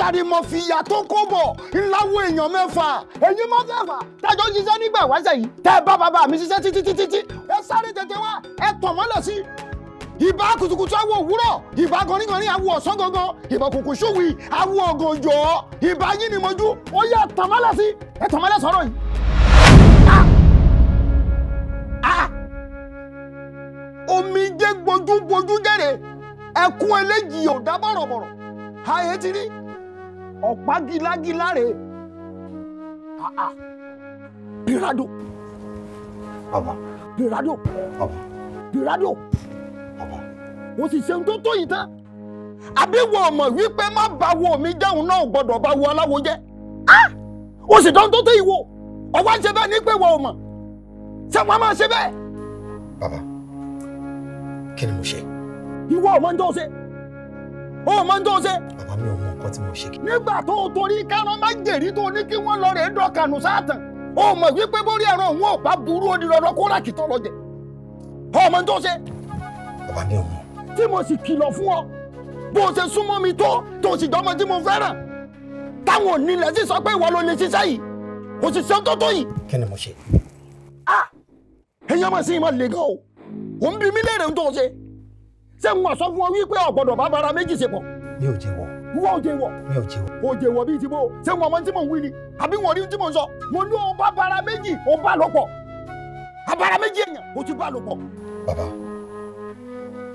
sàrìmọ̀fìyà tó kó bọ̀ ńláwọ̀ èèyàn mẹ́fà èyí má fẹ́fà tájọ́ ṣiṣẹ́ nígbà wáṣẹ̀ yìí tẹ́ bá bàbá mi ṣiṣẹ́ títí títí tí ẹ sáré tètè wá ẹ tàn mọ́lẹ̀ sí i ìbá kùtùkùtù awo òwúrọ̀ ìbá gọ̀nìgọ̀nì awo ọ̀sán gangan ìbá kùkù ṣùwì awo ọ̀gànjọ́ ìbá yín ni mojú ó yẹ tàn mọ́lẹ̀ sí ẹ tàn mọ́lẹ̀ sọ̀rọ̀ yìí. Ah! Ah! omijé gbojúgbojú jẹ́rẹ̀ ẹkún eléjì ò bọ̀rọ̀bọ̀rọ̀ àyè ti rí ọ̀pá gílágílá rè é ah, pirado. Ah. bàbá. pirado. bàbá. pirado. bàbá. o sì ṣe ohun tó tó yìí tán àbí wọn ò mọ̀ wípé má ba wo mi jẹun náà gbọ́dọ̀ bá wo aláwo jẹ́ ah! o sì dán tó tó yìí wo ọwọ́ ṣe bẹ́ẹ̀ ní pé wọn ò ṣé wọn máa ṣe bẹ́ẹ̀. bàbá kí ni mo ṣe. ìwọ ò mọ̀ ń tó ṣe o ò mọ̀ ń tó ṣe. bàbá mi ò mọ̀ nǹkan tí mo ṣe. nígbà tó o torí kárán má jèrí tó ní kí wọ́n lọ rè é dọ̀kànù sáàtàn o mọ̀ wípé bórí ẹ̀rọ òun ò bá burú ó di lọ́dọ̀ kó ràkì tọ́ lọ́jẹ̀ ọmọ tó ṣe. bàbá mi ò mọ. tí mo sì kìlọ̀ fún ọ bó o ṣe súnmọ́ mi tó tó sì dọ́mọ tí mo fẹ́ràn táwọn onílẹ̀ sì sọ pé ìwọ ló lè ṣiṣẹ́ yìí kò sì ṣe tó tó yìí. kí ni mo ṣe. a èèyàn máa ṣe ìmọ̀ lè gan o òun bí mi léèrè ń tó ṣe ṣé n wà sọ fún ọ wípé ọ̀gbọ́dọ̀ bá bara méjì ṣe pọ̀. mi ò jẹ́wọ́ wọ́n jẹ wọ̀. mi ò jẹ wọ̀. o jẹ wọ̀ bíi ti bó ṣé wọn ọmọ tí mò ń wí àbí wọn rí tí mò ń sọ mo ní òun bá bara méjì òun bá lò pọ̀ abara méjì èèyàn o ti bá lò pọ̀. bàbá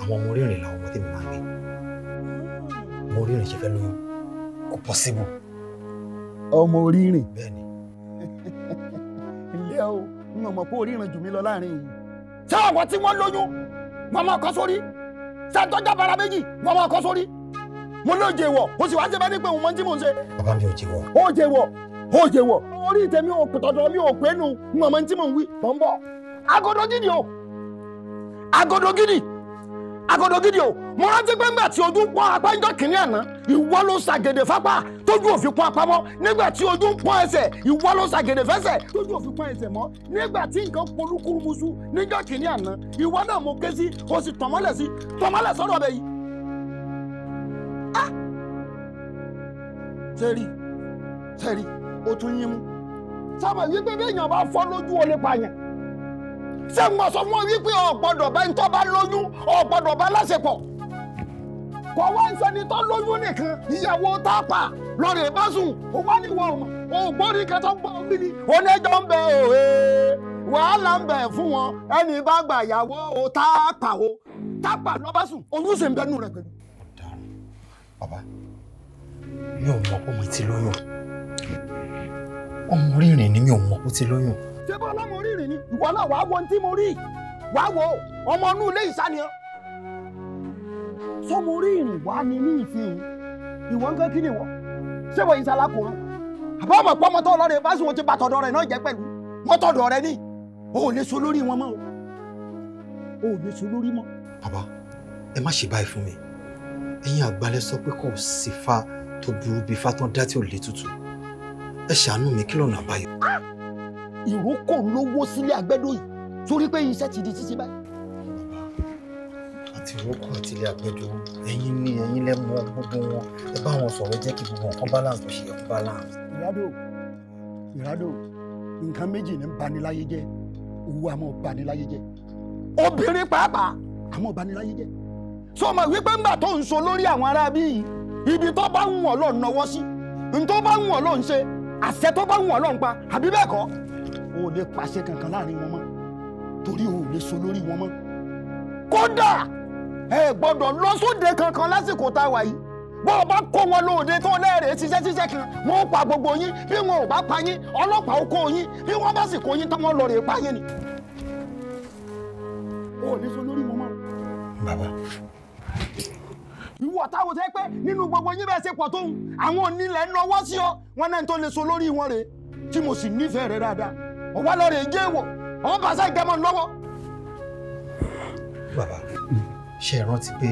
àwọn ọmọ rírìn làwọn ọmọ tèmi máa ń gbé ọmọ rírìn ṣe fẹ́ lóyún kò pọ́síbù. ọmọ rírìn. bẹ́ẹ̀ni. ilé o n ò mọ̀ pé oríran jù mí lọ láàrin yìí. ṣé àwọn tí wọ́n lóyún wọ́n máa kọ́ sórí ṣé àtọ́jà bara méjì wọ́n máa kọ́ sórí mo náà jẹ wọ mo sì wá ṣe bá ní pé òun mọ tí mò ń ṣe. bàbá mi ò jẹ wọ. ó jẹ wọ ó jẹ wọ orí tèmi ò tọ̀dọ̀ mi ò pé nu n ò mọ tí mò ń wí mò ń bọ̀. agodo gidi o agodo gidi agodo gidi o mo rántí pé ńgbà tí ojú ń pọ́n apá ńjọ́ kìnìún àná ìwọ ló ṣàgèdè fápá tójú òfin pọ́n apá mọ́ nígbà tí ojú ń pọ́n ẹsẹ̀ ìwọ ló ṣàgèdè fẹsẹ̀ tójú òfin pọ́n ẹsẹ̀ mọ́ nígbà tí nǹkan polúkúrúmuṣu níjọ́ kìnìún àná ìwọ náà mo ké sí o sì tọ̀mọ́lẹ̀ sí tọ̀mọ́lẹ̀ sọ́dọ̀ bẹ́ẹ̀ yìí sẹ́rí sẹ́rí o tún yín mú sábà wípé béèyàn bá fọ́ lójú o lè pààyàn ṣé mo sọ fún ọ wípé o gbọ́dọ̀ bá ń tọ́ bá lóyún o gbọ́dọ̀ bá láṣepọ̀ kò wá ń sẹni tó lóyún nìkan ìyàwó tá a pa lọ́rẹ̀ bá sùn ó wá ní ìwọ̀n ògbóni kan tó ń gbọ́ omi ni oníjọ́ ń bẹ òwe wàhálà ń bẹ fún wọn ẹni bá gbà yàwó o tá o tá a pa rẹ̀ pẹ̀lú bàbá mi ò mọ̀ pé mo ti lóyún ọmọ rírìn ni mi ò mọ̀ pé ó ti lóyún. ṣé bọ́ ọlọ́mọ rírìn ni ìwọ náà wàá wo ohun tí mo rí wàá wo ọmọ inú ilé ìsànìyàn sọmọ rírìn wàá ní ní ìsìn ìwọ ń gé kí ni wọ ṣé wọ ìsàlá kò rán àbá ọmọ pọ́ mọ́tò ọlọ́rin bá sùn ó ti bá tọ̀dọ̀ rẹ̀ náà jẹ́ pẹ̀lú mọ́tò ọ̀dọ̀ rẹ̀ ni o ò lè so lórí wọn mọ́ o ò lè so lórí mọ́. bàbá ẹ má ṣe báyìí fún mi ẹ̀yin àgbálẹ̀ sọ pé kò sí fa tó burú bíi fa tán dá tí ò lè tutù ẹ ṣàánú mi kí lọ́nà àbáyọ. ìró kò lówó sílé àgbẹ̀dọ̀ yìí torí pé iṣẹ́ ti di títí báyìí. àti ìrókò àti ilé àgbẹ̀dọ̀ ẹ̀yin ní ẹ̀yin lẹ́mọ gbogbo wọn ẹ bá wọn sọ̀rọ̀ jẹ́ kí gbogbo nǹkan balance bó ṣe yẹ kó balance. ìrádò ìrádò nǹkan méjì ní baniláyé jẹ́ owó àmọ́ baniláyé jẹ́ obìnrin pàápàá àmọ́ baniláyé jẹ́ sọmọ wípé ńgbà tó ń so lórí àwọn ará bíi ibi tó bá ń wọ̀n lọ nọwọ́ sí n tó bá ń wọ̀n lọ ń ṣe àṣẹ tó bá ń wọ̀n lọ ń pa àbí bẹ́ẹ̀ kọ́ o ò lè pàṣẹ kankan láàrin wọn mọ́ torí o ò lè so lórí wọn mọ́ kódà ẹ gbọ́dọ̀ lọ sóde kankan lásìkò tá a wà yìí bọ́ ọ bá kó wọn lóde tó lẹ́rẹ̀ẹ́ ṣiṣẹ́ ṣiṣẹ́ kan wọ́n pa gbogbo yín bí wọn ò bá pa yín ọlọ́pàá ó kó yín bí wọ́n bá sì kó yín tán wọ́n lọ rè é pa yín ni. o ò ní lórí wọn mọ́. bàbá ìwọ táwọn tẹ́ pé nínú gbogbo yín bẹ́ẹ̀ ṣe pọ̀ tó ń àwọn onílẹ̀ ń lọ́wọ́ sí ọ wọn náà tó lè so lórí wọn rèé tí mo sì nífẹ̀ẹ́ rẹ dáadáa ọ̀wá lọ́rẹ̀ èjé wọ̀ ọ̀wọ́n bá sá ìgbẹ́mọ̀ lọ́wọ́. bàbá ṣe ìrántí pé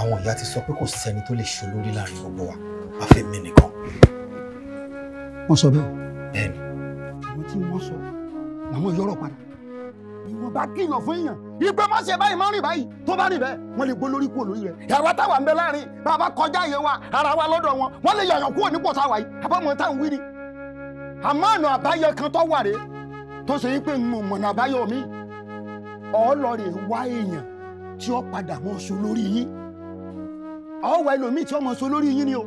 àwọn ìyá ti sọ pé kò sẹ́ni tó lè ṣolórí láàrin gbogbo wa àfi mi nìkan. wọ́n sọ bẹ́ẹ̀. bẹ́ẹ̀ni. àwọn tí wọ́n sọ làwọn yọrọ padà ìwọ bá kìlọ̀ fún èèyàn ìpè má ṣe báyìí má rìn báyìí tó bá rìn bẹ́ẹ̀ wọ́n lè gbó lórí kúrò lórí rẹ̀ ìyàwó táwa ń bẹ láàrin bàbá kọjá iye wa ara wa lọ́dọ̀ wọn wọ́n lè yọ̀yàn kúrò nípò táwa yìí àbọ̀mọ̀ táwọn wí ni. àmọ́ ọ̀nà àbáyọ kan tó wà rèé tó ṣe yí pé ń mọ̀ ọ̀nà àbáyọ mi ọlọ́rẹ̀ wá èèyàn tí ó padà mọ́ so lórí yín ọ̀wọ́ ẹlòmíì tí ó mọ́ so lórí yín ni o.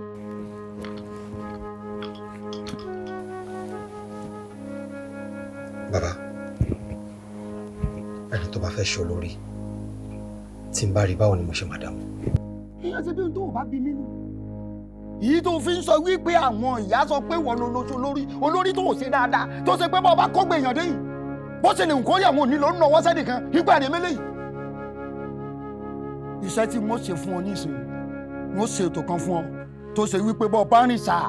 bàbá ẹni tó bá fẹ́ ṣọ lórí tí n bá rí báwo ni mo ṣe máa dáhùn. èèyàn ṣe bí ohun tó ò bá bí mí nù. èyí tó fi ń sọ wípé àwọn ìyá sọ pé wọ́n ló lóṣù lórí olórí tó ò ṣe dáadáa tó ṣe pé bá ọba kọ́gbẹ́ èèyàn dé yìí bó ṣe lè kórè àwọn òní ló ń nọwọ́ sẹ́nì kan nígbà rẹ̀ mélèyìí. iṣẹ́ tí mo ṣe fún ọ ní ìsìn mo ṣe ètò kan fún ọ tó ṣe wípé bá ọba rìn sáà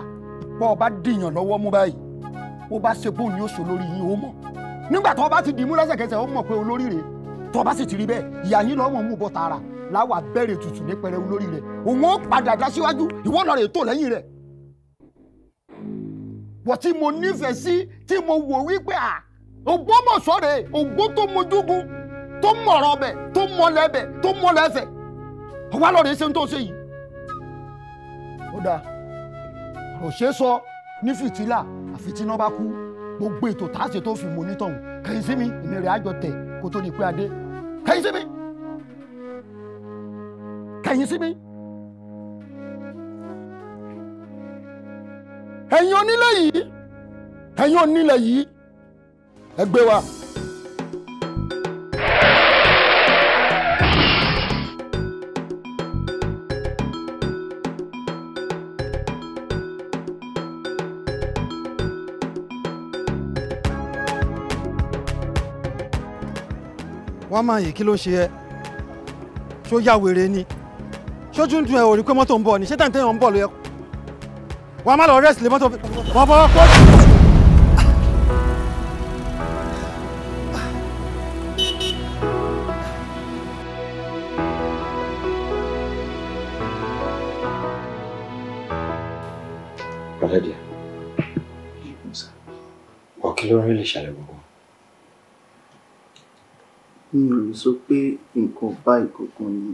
bá ọba dìyàn lọ́wọ́ mú báyìí bó bá ṣe bóun ni ó ṣòlórí nígbà tó o bá ti dìímú lẹ́sẹ̀kẹsẹ̀ ó mọ̀ pé olórí rẹ̀ tó o bá sì ti rí bẹ́ẹ̀ ìyá yín lọ́wọ́ mú bọ́ tààrà láwa bẹ̀rẹ̀ tutù ní pẹrẹ olórí rẹ̀ òun ó padà dá síwájú ìwọ lọ rè tó lẹ́yìn rẹ̀ wọ́n tí mo nífẹ̀ẹ́ sí tí mo wò wípé à Ògbómọ̀ṣọ́ rèé ògbó tó mojúgun tó mọ̀rọ̀ ọbẹ̀ tó mọlẹ̀ ẹbẹ̀ tó mọlẹ̀ ẹfẹ̀ ọwọ́ lọ rèé ṣe ń tó ṣe yìí ó dáa òṣèṣọ ní àfitíná bá kú gbogbo ètò tá a ṣe tó fi mọ onítọ̀hún kẹ̀yìn sí mi èmi rẹ̀ àjọ tẹ̀ kó tó di pé adé kẹ̀yìn sí mi kẹ̀yìn sí mi. ẹ̀yin onílé yìí ẹ̀yin onílé yìí ẹgbẹ́ wa. wá máa yìí kí ló ṣe ẹ ṣó yá wèrè ni ṣójú ń dun ẹ ò rí pé mọ́tò ń bọ̀ ni ṣé tàǹtẹ̀ yẹn ń bọ̀ ló yẹ wàá má lọ rẹ́sì lé mọ́tò wọ́n bọ́ kó. Ọ̀rẹ́dì, wọ́n kí ló rí lè ṣàlẹ̀ gbogbo mi ò lè sọ pé nǹkan báyìí kankan ni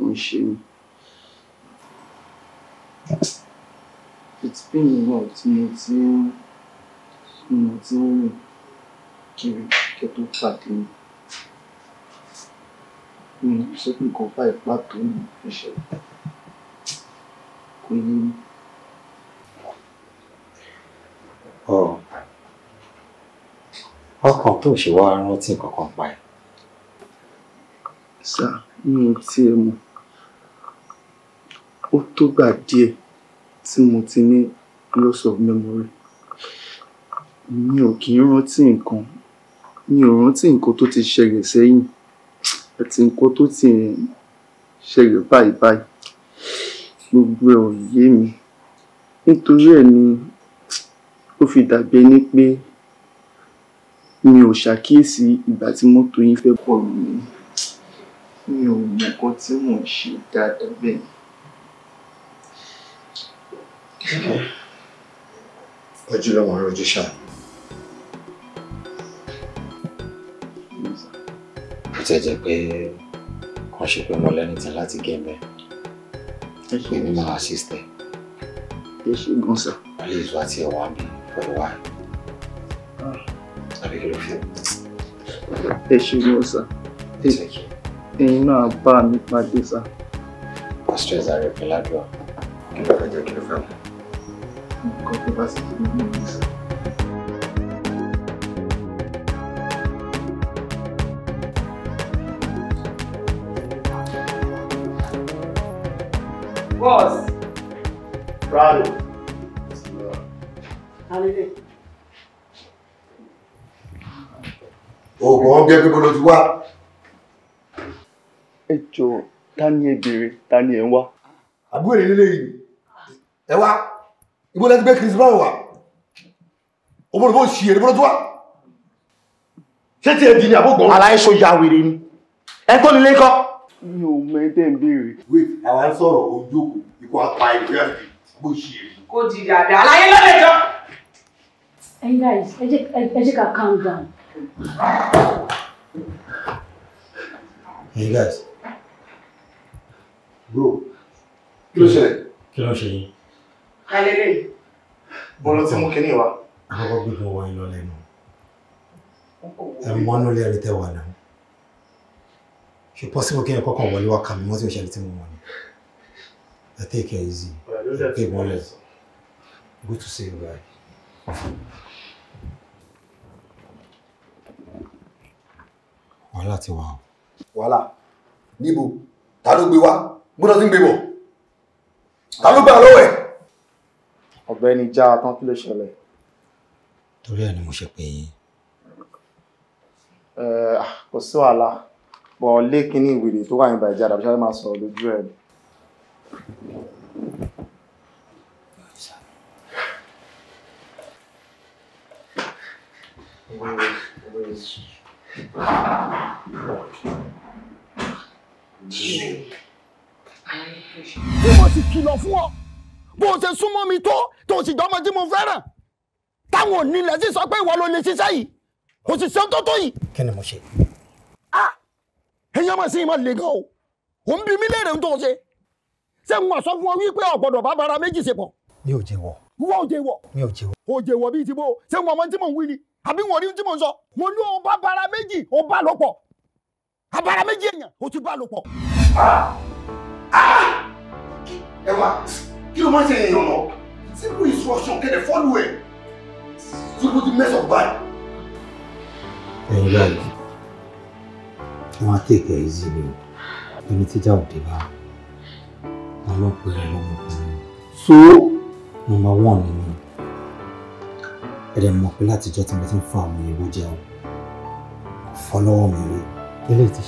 ó ń ṣe mí. it's been a tí mo ti ń mo ti ń rìn kiri kí tó pàdé mi. mi ò sọ pé nǹkan báyìí pàtó ni ó ṣẹlẹ̀ kò yé mi. ọkàn tó ṣe wá rántí kankan pa ẹ̀ sá mi ò tiẹ̀ mọ̀ ó tógbà díẹ̀ tí mo ti ní loss of memory mi ò kì í rántí nǹkan mi ò rántí nǹkan tó ti ṣẹlẹ̀ sẹ́yìn àti nǹkan tó ti ṣẹlẹ̀ báyìí báyìí gbogbo ẹ̀ ò yé mi nítorí ẹ̀ ni ó fi dàbí ẹni pé mi ò ṣàkíyèsí ìgbà tí mọ́tò yín fẹ́ pọ̀ mí mi ò mọ nǹkan tí mò ń ṣe dáadáa bẹ́ẹ̀ ni. ojú ló mọ̀ ọ́ ṣáà. bó ti jẹ́ pé kàn ṣe pé mo lẹ́ni tí láti gé mẹ́ pé máa assist ẹ ṣe gan sa. wọ́n lè zọ àti ẹ̀wà mi for a ah. àbí kí ló fi. ẹ ṣe gan sa. Thank you ẹ̀yin náà bá mi pàdé sá. pásítọ̀ ìsàrẹ̀ pé ládùá kí ló fẹ́ jẹ́ kí ló fẹ́ mọ̀. nǹkan tó bá sì ti ní ìlú sá. Boss. Bravo. Oògùn ọ̀gẹ́ pípọ̀ ló ti wá ẹ jọ ta ni ẹ béèrè ta ni ẹ ń wá. àbúrò èrè lélẹ̀ yìí ẹ wá ibo lẹ́tí gbé Chris Brown wá òbò ló bó ṣì èrè bó ló tó wá ṣé tí ẹ di ni àbúgbọ̀n. aláyé so ya wèrè ni ẹ tó nílé kọ́. mi ò mọ ẹ tẹ́ ń béèrè. wait àwa ń sọ̀rọ̀ ojú òkú ikú apá ìròyìn àti bó ṣì èrè. kó di dada aláyé lọ́lẹ̀ jọ. ẹ̀yin guys ẹ jẹ́ ká calm down. ẹ̀yin guys bro kí ló ṣẹlẹ̀. kí ló ń ṣe yín. kálẹ̀ lè. bọ́lá tí mú kínní wa. àkọ́kọ́ gbígbó wọ ilọ lẹ́nu ẹ mọ́nú lé ẹni tẹ́ wà náà ṣe pọ́sibú kí ẹ kọ́kàn wọlé wá kàmí mọ́tò ìṣẹ̀lẹ̀ tí mo wọ̀ ni ẹ take care easy ẹ pé bọ́lẹ̀ good to see you guys. wàhálà ti wà o. wàhálà níbo ta ló gbé wá gbọ́dọ̀ tí ń gbé bọ̀ ta ló gbà lọ́wọ́ ẹ̀. ọ̀gbẹ́ni já tán kí ló ṣẹlẹ̀. torí ẹ̀ ni mo ṣe pè yín. Ah, kò sí wàhálà bọ̀ lé kínní ìwèrè tó wà ní ìbàjẹ́ àdàbí máa sọ̀rọ̀ lójú ẹ̀. Thank you bí mo sì kìlọ̀ fún ọ bó o ṣe súnmọ́ mi tó tó o sì jọmọ tí mo fẹ́ràn táwọn onílẹ̀ sì sọ pé ìwọ ló lè ṣiṣẹ́ yìí o sì ṣeun tó tó yìí. kí ni mo ṣe. a èèyàn máa ṣe ìmọ̀ lè o ò ń bi mí léèrè tó o ṣe ṣé n wà sọ fún ọ wípé ọ̀gbọ̀dọ̀ bá méjì ṣe pọ̀. mi ò jẹ wọ. wọ́n ò jẹ wọ. mi ò jẹ wọ. o jẹ wọ bíi ti bó ṣé n wọ ọmọ tí mò ń wí ni àbí wọn rí tí mò ń sọ mo ní o bá méjì o bá lò pọ̀ abara méjì èèyàn o ti bá lò pọ̀. Ah! ẹ ah! wá kí ló máa ń ṣe èèyàn náà simple instruction kẹ́lẹ̀ fọ́lù ẹ̀ tó kó ti mess up bad. ẹ̀yin báyìí wọ́n á tèkẹ́ ìzì ni ẹni tíjà òde bá wọn ló pe so number one nínú ẹ̀rẹ̀ mọ̀ pé látijọ́ tí mo ti ń fa àwọn ìbò jẹun fọlọ́wọ́ mi rí eléyìí ti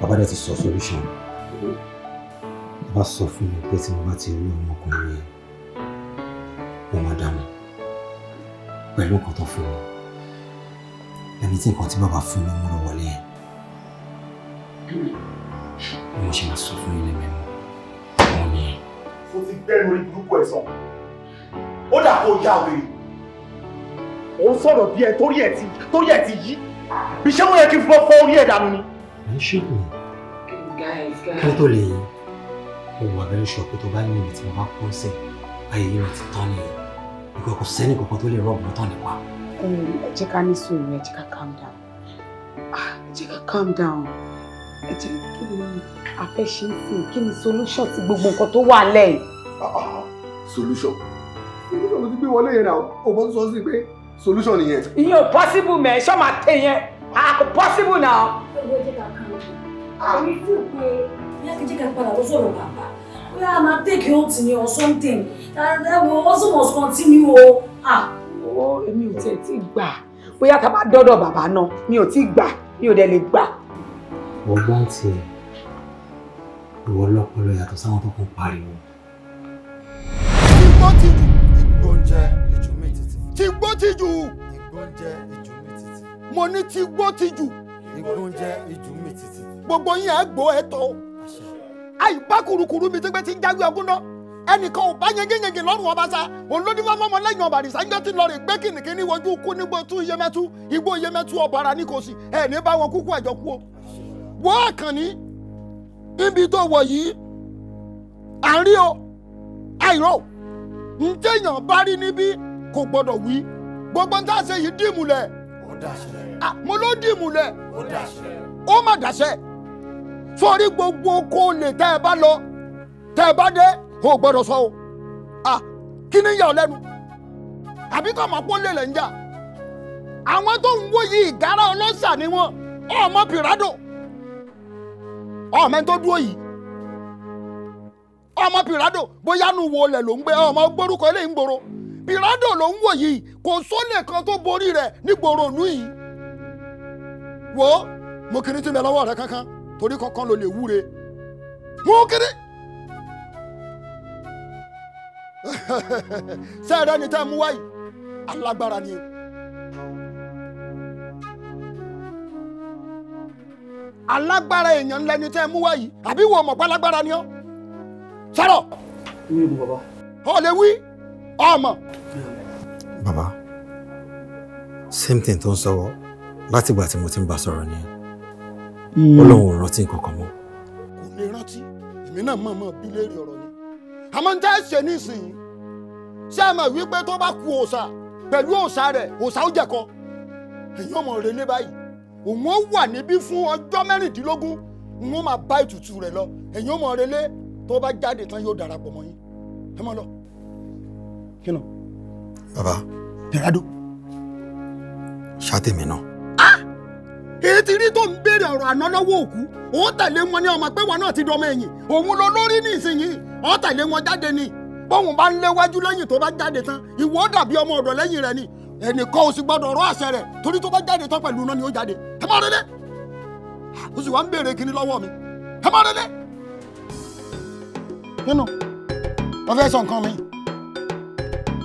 bàbá dẹ̀ ti sọ solution bàbá sọ fún mi pé tí mo bá ti rí ọmọkùnrin yẹn mo máa dànù pẹ̀lú nǹkan tó fún mi ẹni tí nǹkan tí bàbá fún mi múlò wọlé yẹn bí mo ṣe máa sọ fún ilé mẹ́mọ́ wọn nìyẹn. mo ti gbẹ́nu orí burúkú ẹ̀ sàn ó dà kó yá wèrè òun sọ̀rọ̀ bí ẹ torí ẹ ti yí bí ṣé wọ́n yẹ kí n fọ́ fọ́ orí ẹ̀ dànù ni ẹ̀ guys guys. kí ló tó very sure pé tó bá ní ibi tí mo bá pọ̀ sí ayé yìí mo ti tán nìyẹn ìgbà kò sẹ́ni kankan tó lè rọ́ọ̀bù mọ́tàn nípa. calm down ah, ẹ calm down ẹ jẹ́ kí ni a fẹ́ ṣe é sìn kí ni solution sí gbogbo nǹkan ah, ah, solution solution ló ti gbé wọlé yẹn náà solution nìyẹn. ìyẹn ò possible mẹ́ ṣọ́ máa tẹ̀ Ah, kò possible now. ẹgbẹ́ ah. jẹ́ ká kàn án àmì fún pé bí akéjẹ́ ká padà lọ sọ̀rọ̀ bàbá bóyá a take hold ni or something ẹ̀wọ̀n eh, also must continue o. ọwọ́ ah. èmi ò tiẹ̀ tí gbà bóyá tá a bá dọ́dọ̀ bàbá náà mi ò tí gbà mi ò dẹ̀ lè gbà. ọgbọ́n tiẹ̀ ìwọ lọ́pọlọ yàtọ̀ sáwọn tó kún pariwo. tí gbọ́ ti jù ìgbọ́njẹ ìjùmí títì. tí ti jù ìgbọ́njẹ ìjùmí títì mo ní ti gbó ti jù. igun jẹ ìjù mi títì. gbogbo yín ẹ gbó ẹ tọ. àyùbá kurukuru mi tẹgbẹ́ ti ń jáwé ọgbọ́n náà ẹnìkan ò bá yẹngẹyẹngẹ lọ́rùn ọba sa olódìmọ́ mọ́mọ́ lẹ́yìn ọba àdìsá ń jẹ́ ti lọ́ọ̀rì gbé kìnìkì ní wojú kú nígbó tú iyemẹ́tú igbó iyemẹ́tú ọba ara ní kò sí ẹ̀ ní bá wọn kúkú ẹ̀jọ̀ kú o. wọ́n àkànní níbi tó wọ̀ yìí à ń rí o àìró ǹjẹ́ èèyàn bá rí níbí kò gbọ́dọ̀ wí gbogbo ń tá a ṣe yìí dìmùlẹ̀ Ah, mo ló dì múlẹ̀ ó má dàṣẹ sọrí gbogbo kó lè tẹ́ ẹ bá lọ tẹ́ ẹ bá dé o gbọ́dọ̀ sọ o ah, kí ni yà ọ́ lẹ́nu àbí kò mọ̀ pé ó lè lẹ̀ ń jà àwọn tó ń wó ìgárá ọlọ́sà ni wọ́n ọmọ pìràdò ọmọ tó dúró yìí ọmọ pìràdò bóyá nu wo lẹ̀ ló ń gbé ọmọ gbórúkọ eléyìí ń gbòòrò bìrádò ló ń wò yìí kò sólè kan tó borí rẹ̀ nígboro ònú yìí. wo mo kiri tí mi lọ́wọ́ rẹ kankan torí kankan ló lè wúre mo kiri. sẹ́ẹ̀rẹ́ ni tẹ́ ẹ mú wáyìí alágbára ni o. alágbára èèyàn lẹni tẹ́ ẹ mú wá yìí àbí wo mọ̀ pálágbára ni ọ́ sọ̀rọ̀. wí ni bàbá. lè wí ọmọ. bàbá same thing tó ń sọ látìgbà tí mo ti ń bá sọ̀rọ̀ ni ó lóun ò rántí kankan mọ́. kò lè rántí èmi náà mọ̀ mọ́ bí léèrè ọ̀rọ̀ ni àmọ́ ń tẹ́ ṣe nísìnyí ṣé ẹ mọ̀ wípé tó bá ku òòṣà pẹ̀lú òòṣà rẹ̀ òòṣà ó jẹ̀kọ èyí ọmọ rẹ̀ lé báyìí òun ó wà níbí fún ọjọ́ mẹ́rìndínlógún òun ó máa bá ètùtù rẹ̀ lọ èyí ọmọ rẹ̀ lé tó bá jáde tán yóò darapọ̀ mọ́ yín ẹ mọ́ lọ kí nà. bàbá. pẹ̀rẹ́dọ̀. ṣàtẹ̀mí náà. a ah! èyí ti rí tó ń béèrè ọ̀rọ̀ àná lọ́wọ́ òkú òun tẹ̀lé wọn ní ọmọ pé wọn náà ti dọmọ ẹ̀yìn òun lọ lórí nísìnyìí ọ̀ tẹ̀lé wọn jáde ni bóun bá ń léwájú lẹ́yìn tó bá jáde tán ìwọ dàbí ọmọ ọ̀dọ̀ lẹ́yìn rẹ ni ẹnìkan ò sì gbọdọ̀ ọ̀rọ̀ àṣẹ rẹ̀ torí tó bá jáde tán pẹ̀lú iná ni ó jáde ẹ má rẹ́lẹ́ ó sì wá ń béèrè kinní lọ́wọ́ mi ẹ má rẹ́lẹ́ nínú wọ́n fẹ́ sọ nǹkan mi.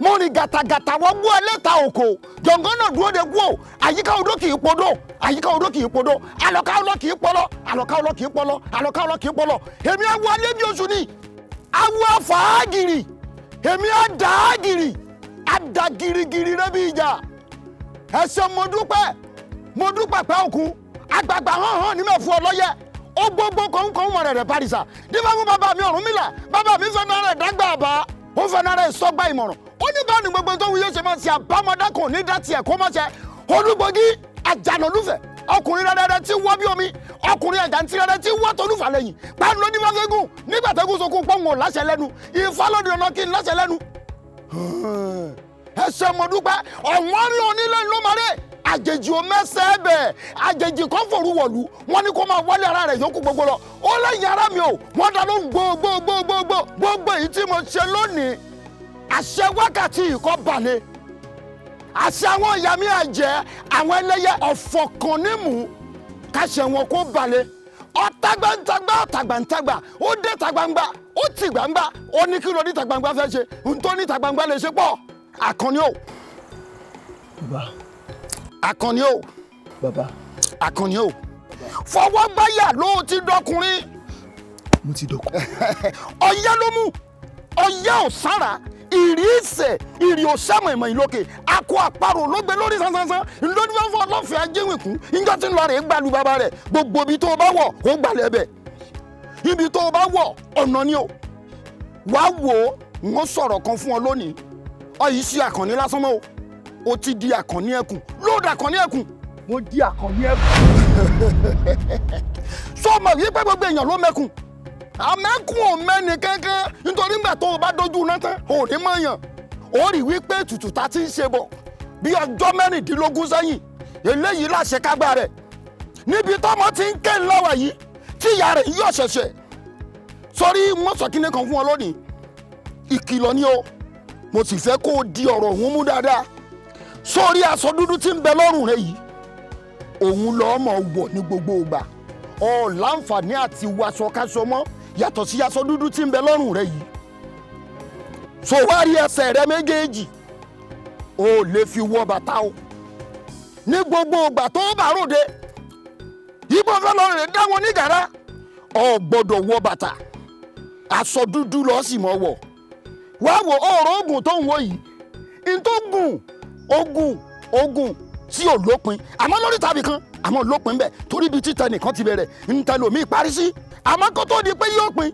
mo rìn gàtàgàtà wọ́n gbọ́ ẹlẹ́ta òkò jọ̀ǹgán náà dúró de gbó àyíká odó kì í podó àyíká odó kì í podó àlọ́ká ọlọ́ kì í pọlọ́ àlọ́ká ọlọ́ kì í pọlọ́ àlọ́ká ọlọ́ kì í pọlọ́ èmi awo alẹ́ bí oṣù ni awo afáàgìrì èmi àdàgìrì àdàgìrìgìrì rẹ bí ìjà ẹsẹ mo dúpẹ́ mo dúpẹ́ pẹ́ òkun àgbààgbà hàn hàn ní mẹ́fù ọlọ́yẹ ó gbogbo kọ̀ọ̀kan ó ní báwọn ní gbogbo tó ń wuyé ṣe máa ṣe àbámọ́dá kò ní dá tiẹ̀ kó má ṣe olúgbògì àjànàlúfẹ̀ ọkùnrin dáadáa tí wọ́n bí omi ọkùnrin àjàntí dáadáa tí wọ́n tolúfà lẹ́yìn pàdé ní fàgégùn nígbà tẹ́gùn sokun pọ́ńgùn láṣẹ lẹ́nu ìfọlọ́dún ọ̀nà kí n láṣẹ lẹ́nu. ẹ ṣé mo dúpẹ́ ọ̀wọ́n lọ nílẹ̀ ló máa rẹ̀ àjèjì ò mẹ́sẹ̀ bẹ̀ àjèjì kan fòru wọ̀lú wọn ni kó máa wálé ara rẹ̀ yòókù gbogbo lọ ó lẹ́yìn ara mi ò wọ́n dá ló ń gbogbogbogbogbò gbogbo èyí tí mo ṣe lónìí àṣẹ wákàtí ìkọ́ balẹ̀ àṣẹ àwọn ìyàmí àjẹ́ àwọn ẹlẹ́yẹ ọ̀fọ̀ kan nímú kàṣẹ wọn kó balẹ̀ ọ̀tàgbàǹtàgbà ọ̀tàgbàǹtàgbà ó dé tàgbàǹgbà ó tì gbàǹgbà ó ní kí ló ní tàgbàǹgbà fẹ́ ṣe ntó ní tàgbàǹgbà lè ṣe pọ̀ àkànní o. bàbá. àkànní o. bàbá. àkànní o. fọwọ́ gbáyà ló ti dọkùnrin. mo ti dọkùnrin. ọ̀yá ló mú ọ̀yá ò sára ìrì ìsẹ̀ ìrì òṣàmọ̀ ìmọ̀ ìlókè akọ àparò ló gbé lórí sánsánsán ńlọ́dúnfẹ́ fún ọlọ́fẹ́ ajéwìnkú ìjọ tí ń lọ rè é gbalu bàbá rẹ̀ gbogbo ibi tó o bá wọ̀ ó gbalẹ̀ bẹ̀ ibi tó o bá wọ̀ ọ̀nà ni o wàá wò ó wọ́n sọ̀rọ̀ kan fún ọ lónìí ọyì sí àkànní lásán mọ́ o ti di àkànní ẹkùn lóòdù àkànní ẹkùn mo di àkànní ẹkùn sọ ma wípé gbogbo èèyàn ló mẹ́kùn amẹ́kùn ò mẹ́ni kankan nítorí nígbà tó o bá dojú iná tán o ò ní mọ̀ yàn ó rí wípé ètùtù ta ti ń ṣe bọ̀ bí ọjọ́ mẹ́rìndínlógún sẹ́yìn eléyìí láṣẹ kágbá rẹ̀ níbi tọ́mọ ti ń ké ńláwà yìí tí ìyá rẹ̀ yóò ṣẹ̀ṣẹ̀ sọrí wọ́n sọ kíni kan fún ọ lónìí ìkìlọ̀ ni o mo sì fẹ́ kó o di ọ̀rọ̀ ọ̀hún mú dáadáa sórí aṣọ dúdú tí ń bẹ lọ́rùn rẹ yìí òun lọ́ọ́ mọ̀ wọ̀ ní gbogbo ìgbà ọ̀ láǹfààní àti wọ káṣọ mọ́ yàtọ̀ sí aṣọ dúdú tí ń bẹ lọ́rùn rẹ yìí so wá rí ẹsẹ̀ rẹ méjèèjì o lè fi wọ bàtà o ní gbogbo ìgbà tó bá ròde ibo fẹlọrin rẹ dáwọn nígàrá o gbọ́dọ̀ wọ bàtà aṣọ dúdú lọ sì mọ wọ wá wo ọ̀rọ̀ ogun tó ń wọ yìí ntògùn ogun ogun tí ò lópin àmọ́ lórí tàbí kan àmọ́ lópin bẹ́ẹ̀ torí ibi títa nìkan ti bẹ̀rẹ̀ ntẹlómi parí sí. Si àmọ́ kó tó di pé yóò pin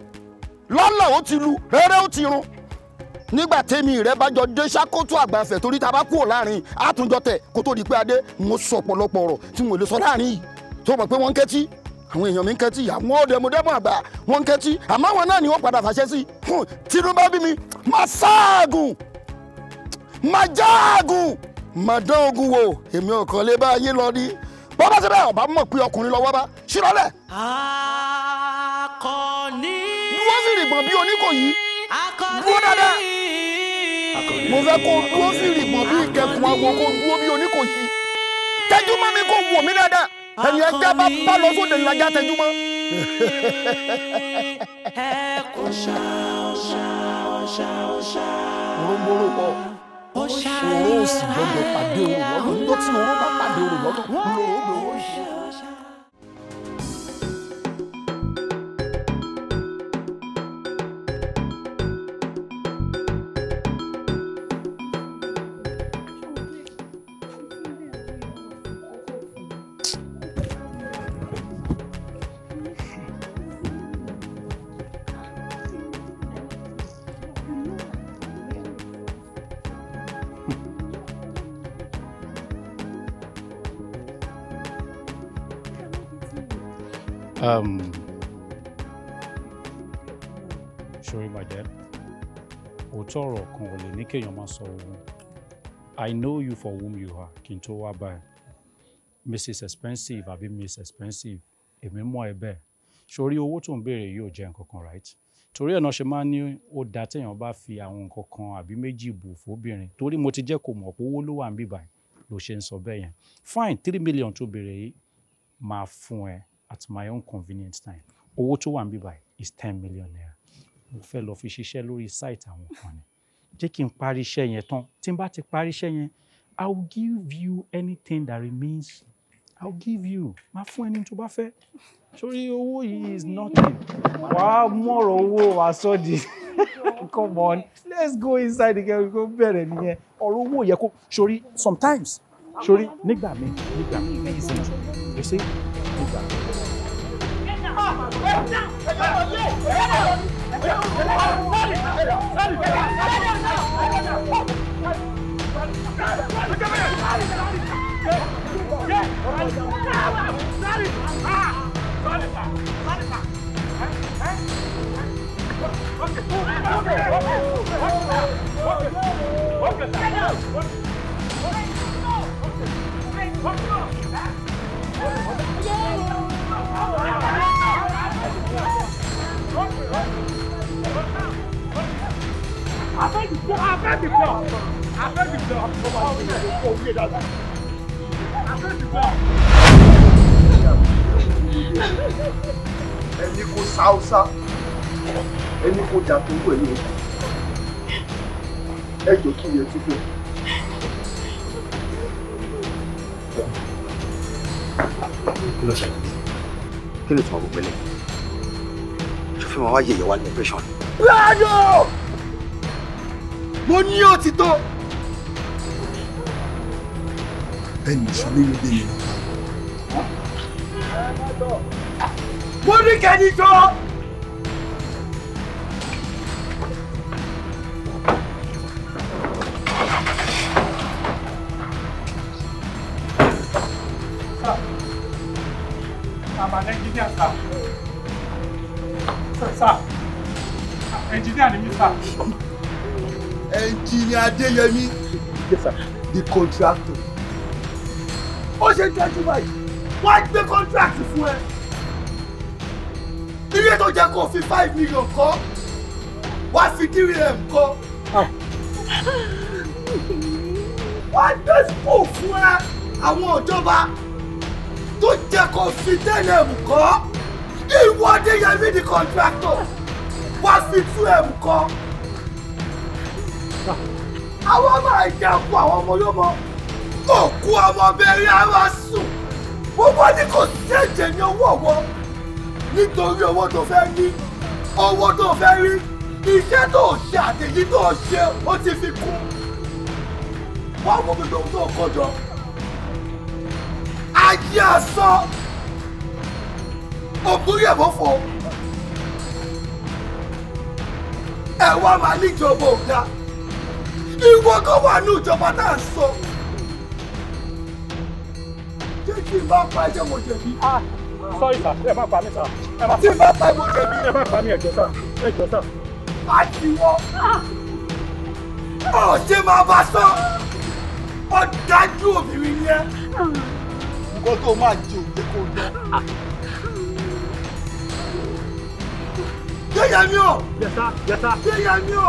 lọ́lọ́ ó ti lu rẹ́rẹ́ ó ti run nígbà tẹ́mi rẹ bá jọ dé ṣàkóso àgbàfẹ́ torí ta bá kúrò láàrin àtúnjọ tẹ kó tó di pé adé mo sọ ọ̀pọ̀lọpọ̀ ọ̀rọ̀ tí mo lè sọ láàrin yìí tó mọ̀ pé wọ́n ń kẹ́tí àwọn èèyàn mi ń kẹ́tí àwọn ọ̀dẹ̀mọdẹ́mọ àgbà wọ́n ń kẹ́tí àmọ́ àwọn náà ni wọ́n padà fàṣẹ sí tínú bá bí mi máa ṣáàgùn máa jáàgùn máa dán ogun wo èmi ò kàn lè bá ayé lọ ní bọ́ bá ṣe bẹ́ẹ̀ ọ̀bá mọ̀ pé ọkùnrin lọ́wọ́ bá ṣírọ́lẹ̀. Ah akọni. dúró sí ìrìgbọ̀n bí oníkòyí. akọni. dúró dáadáa. mo fẹ́ kó dúró sí ìrìgbọ̀n bí ìkẹkùn agbo kó dúró bí oníkòyí. tẹ́jú mọ́ mi kó wò mí dáadáa. ẹ̀yin ẹja bá bá lọ sóde ìlàjà tẹ́jú mọ́. ọ̀ṣà ọ̀ṣà ọ̀ṣà ọ̀ṣà. gbogbo kọ òró òsì gbọdọ̀ pàdé òrò lọ́dọ̀ nígbà tí òró bá pàdé òrò lọ́dọ̀ lóró gbòòrò yìí. Um, ṣòro ìbàjẹ́ òótọ́ ọ̀rọ̀ kan ò lè I know you for whom you are kí n Mrs expensive àbí Miss expensive èmi mọ̀ ẹ bẹ́ẹ̀ sórí owó tó ń béèrè yóò jẹ́ nǹkan right torí ẹ̀ náà ṣe máa ń ní ó da téèyàn bá fi àwọn nǹkan kan àbí méjì bù fóbìnrin torí mo ti jẹ́ kó mọ̀ pé owó ló wà ń bíbáyìí ló ṣe ń sọ bẹ́ẹ̀ yẹn fine three million tó béèrè yìí máa fún ẹ at my own convenient time owó tó wà níbí báyìí is ten million naira mo fẹ́ lọ fi ṣiṣẹ́ lórí site àwọn kan ni jẹ́ kí n parí iṣẹ́ yẹn tán tí n bá ti parí iṣẹ́ yẹn i will give you anything that remains i will give you máa fún ẹni tó bá fẹ́ torí owó yìí is nothing wàá mọ̀rọ̀ owó wàá sọ di come on let's go inside again kó bẹ̀rẹ̀ nìyẹn ọ̀rọ̀ owó yẹ kó sori sometimes sori nígbà mi nígbà mi you see. Let's go! I beg the floor. I beg the floor. I beg the floor. Come on, go away, dad. I beg the floor. Ẹni kò sáúsá, ẹni kò jà tó wù ẹ̀yìn. Ẹ jọ kí ni ẹ ti fẹ́. Kí ló ṣẹlẹ̀? Kí ni ìtumọ̀ gbogbo ẹlẹ́? Ṣé mo ní òtítọ́. ẹnì ìṣòlórí dé mi. mo ní kẹ́ni jọ. I'm an engineer, sir. Sir, Engineer ni sir engineer adéyẹmí yes the contractor ó ṣe dájú báyìí wọ́n gbé contract fún ẹ ilé tó jẹ́ kó fi five million kọ́ wá fi three m kọ́ ah. wọ́n á gbé school fún ẹ àwọn ìjọba tó jẹ́ kó fi ten m kọ́ ìwọ adéyẹmí the contractor wá fi two m kọ́ àwọn máa jẹ́kù àwọn ọmọ olómọ òkú ọmọbìnrin ara sùn wọ́n wá ní kò ṣẹ̀jẹ̀ ní owó ọ̀wọ́ nítorí owó tó fẹ́ ní owó tó fẹ́ rí iṣẹ́ tó ṣe àti èyí tó ṣe ó ti fi kú wọ́n mú mi lóhun tó kọjọ ayé àsọ òkúrí ẹ̀mọ́fọ́ ẹ̀ wá máa níjọba òdà ìwọ kan wà ní ìjọba tá sọ jẹ́ kí n bá pa ẹ̀jẹ̀ mo jẹ̀bi. sọ́ọ̀rì ah, sà ẹ má pa mí sà tí n bá pa mo jẹ̀bi. ẹ má pa mí ẹ̀jọ̀ sà ẹ̀jọ̀ sà. a ti wọ ọ̀jẹ̀ máa bá sọ ọ̀dájú obìnrin ni ẹ. nǹkan tó máa jẹ òjé kò dán. Yẹ́yẹ́ mi ò! Yẹ́yẹ́ mi ò!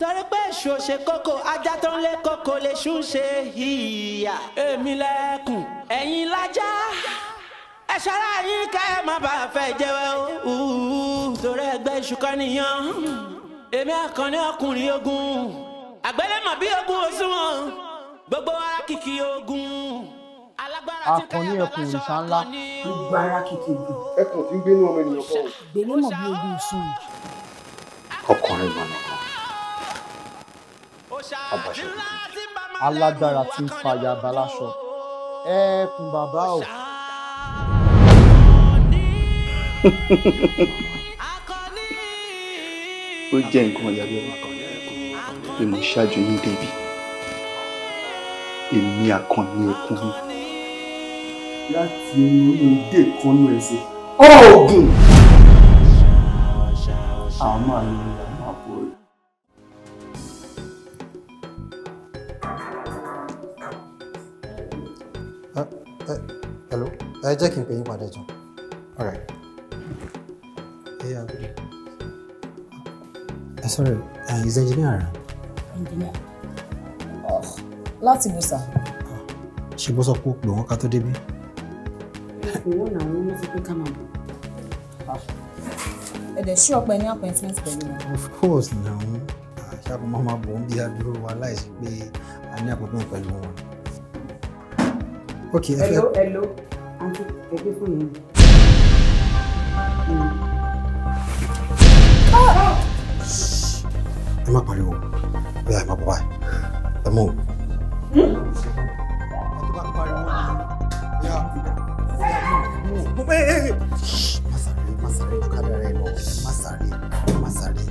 torí pé èso ṣe kókó ajá tó ń lé kókó lè ṣùn ṣe hìyà èmi lẹ́kùn ẹ̀yin lájá ẹ ṣọ́ra yín ká ẹ má bàa fẹ́ jẹ́wẹ́ o torí ẹgbẹ́ iṣu kan nìyàn èmi àkànní ọkùnrin ogun àgbẹ̀lẹ́mọ̀ bí ogun òṣùwọ̀n gbogbo ara kìkì ogun akọni ẹkùn òrìṣà ńlá gbogbo ara kìkì ìdùn. ẹkùn tí ń gbénú ọmọ ènìyàn kọ. gbẹlẹmọ bíi ogun sùn. ọkùnrin gbọmọgbọmọ àbàṣàkùtù alágbára tí ń fàyà baláṣọ ẹkùn bàbá o. ó jẹ́ nǹkan ìyàlẹ́nu pé mo ṣáájú ní débi èmi àkànní ẹkùn mi láti inú ìdè kanú ẹsẹ̀ ọ̀ọ́gùn àwọn àlejò. hello ẹ jẹ́ kí n pè yín padà jọ. ẹ sọ̀rọ̀ ẹ is engineer ara. engineer ah, láti bùsà. Ah, ṣé bó sọ pé ó pè wọ́n ká tó débí. ìwọ náà wọn ló fi pé ká máa bọ̀. Ah. ẹ̀dẹ̀ sí ọ̀pẹ ní appointment pẹ̀lú wọn. of course náà ṣàkóso máa bọ̀ ń bí adúró wa láìsí pé a ní àpòpín pẹ̀lú wọn ok ẹ fẹ́. hello hello àǹtí ẹgbẹ́ fún yẹn. ẹ má pariwo bí a máa bọ̀ báyìí ẹ mọ̀ o. ẹ bá pariwo ya mo bẹ́ẹ̀ ẹ̀ masare masare ju kádà rẹ lọ masare masare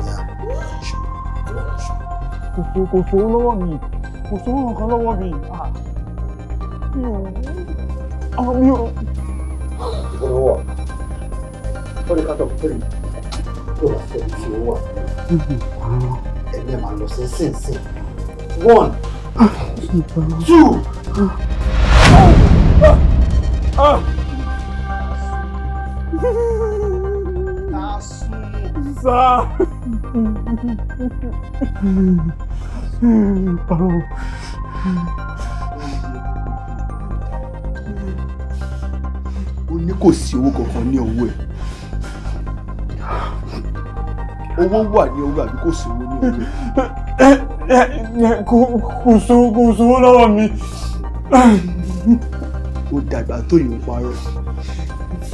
ẹ̀yà ẹ̀yà kò sówó lọ́wọ́ mi kò sówó nǹkan lọ́wọ́ mi. Ah. No. Oh no. これは、これ方もプリン。Pula, you are. And then I lost a sense. One, two. Tá hum. Hum. Parou. Hum. kò sí owó kankan ní ọwọ́ ẹ̀ owó wà ní ọwọ́ àbí kò sí owó ní ọwọ́ kò sówó lọ́wọ́ mi. ó dàgbà tó yìí ń parọ́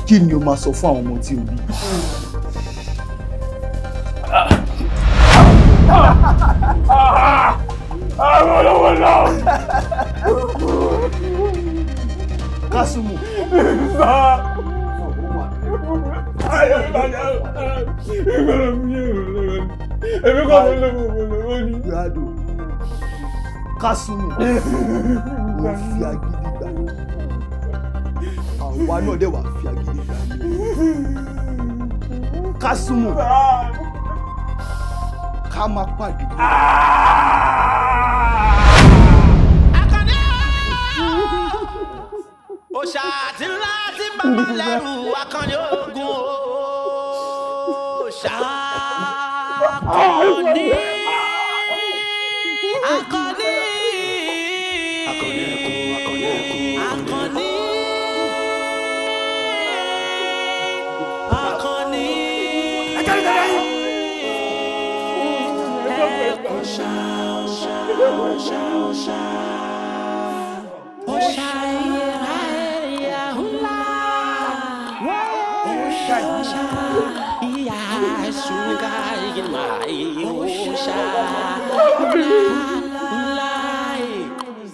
kí ni o máa sọ fún àwọn ọmọ tí o bí. àwọn olówó náà. Kásùmù èmi kọ́ mo lọ́wọ́ mo lọ́wọ́ ni. grado kásùnù mo fi agídí gbà àwa náà dẹ̀ wá fi agídí gbà kásùnù ká máa pàdé. ó ṣáà ti ńlá ti bàbá lẹ́rù Akọni Akọni Akọni ẹkú Akọni ẹkú Akọni Akọni ẹkú ṣá ṣá ṣá ṣá ṣá ìhà ẹ̀yà húlá ṣá ìhà ṣúgà. với yêu xa lai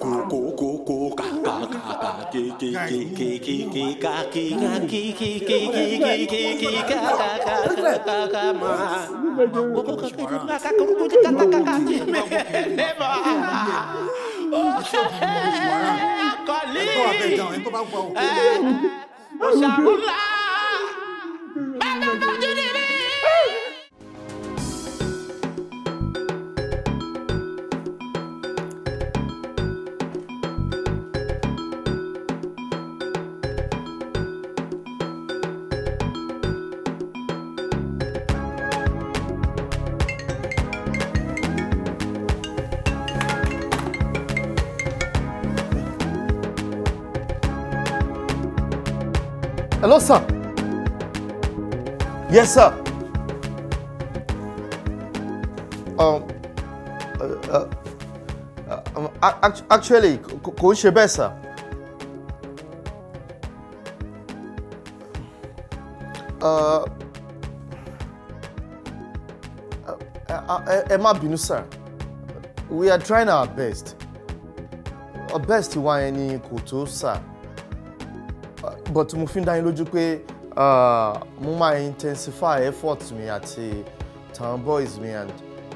cu cu cu cu ca ca ca ca ki ki ki ki ki ki ca ki ca ki ki ki ki ki ki ki ca ca ca ca ca ca ma cu cu ca ca ca ca cu cu ca ca ca ca me me ma Colin! Ecco, attenzione, ecco qua un po'. Eh, lo sa, urlare! Yes, sir. Yes, sir. Um, uh, uh, uh, actually, kò ń ṣe bẹ́ẹ̀ sir. Uh, uh, uh, ẹ má bínú sir. We are trying our best. Our best wa ẹni kò tó sir but mo fi ń dá yín lójú pé uh, mo máa intensify efforts mi àti town boys mi and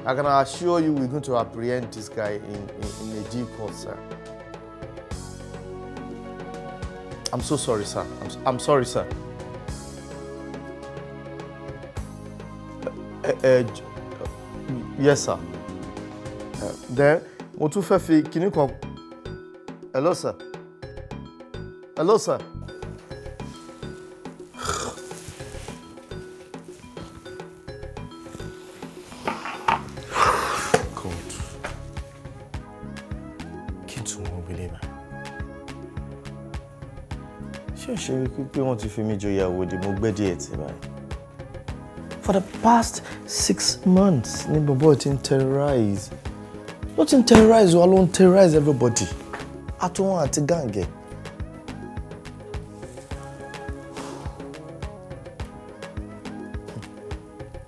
I can assure you we're going to apprehend this guy in in, in a deep hole, sir. I'm so sorry sir I'm, I'm sorry sir. Uh, uh, yes sir. Uh, then mo tún fẹ́ fi kinní kan hello sir hello sir. ṣe pé wọ́n ti fi mí joyè àwòdì mo gbẹ́ díẹ̀ tì báyìí. for the past six months ni bọ̀bọ̀ ti ń terrorize ló ti ń terrorize wa ló ń terrorize everybody àtúwọ̀n àti gàǹgẹ̀.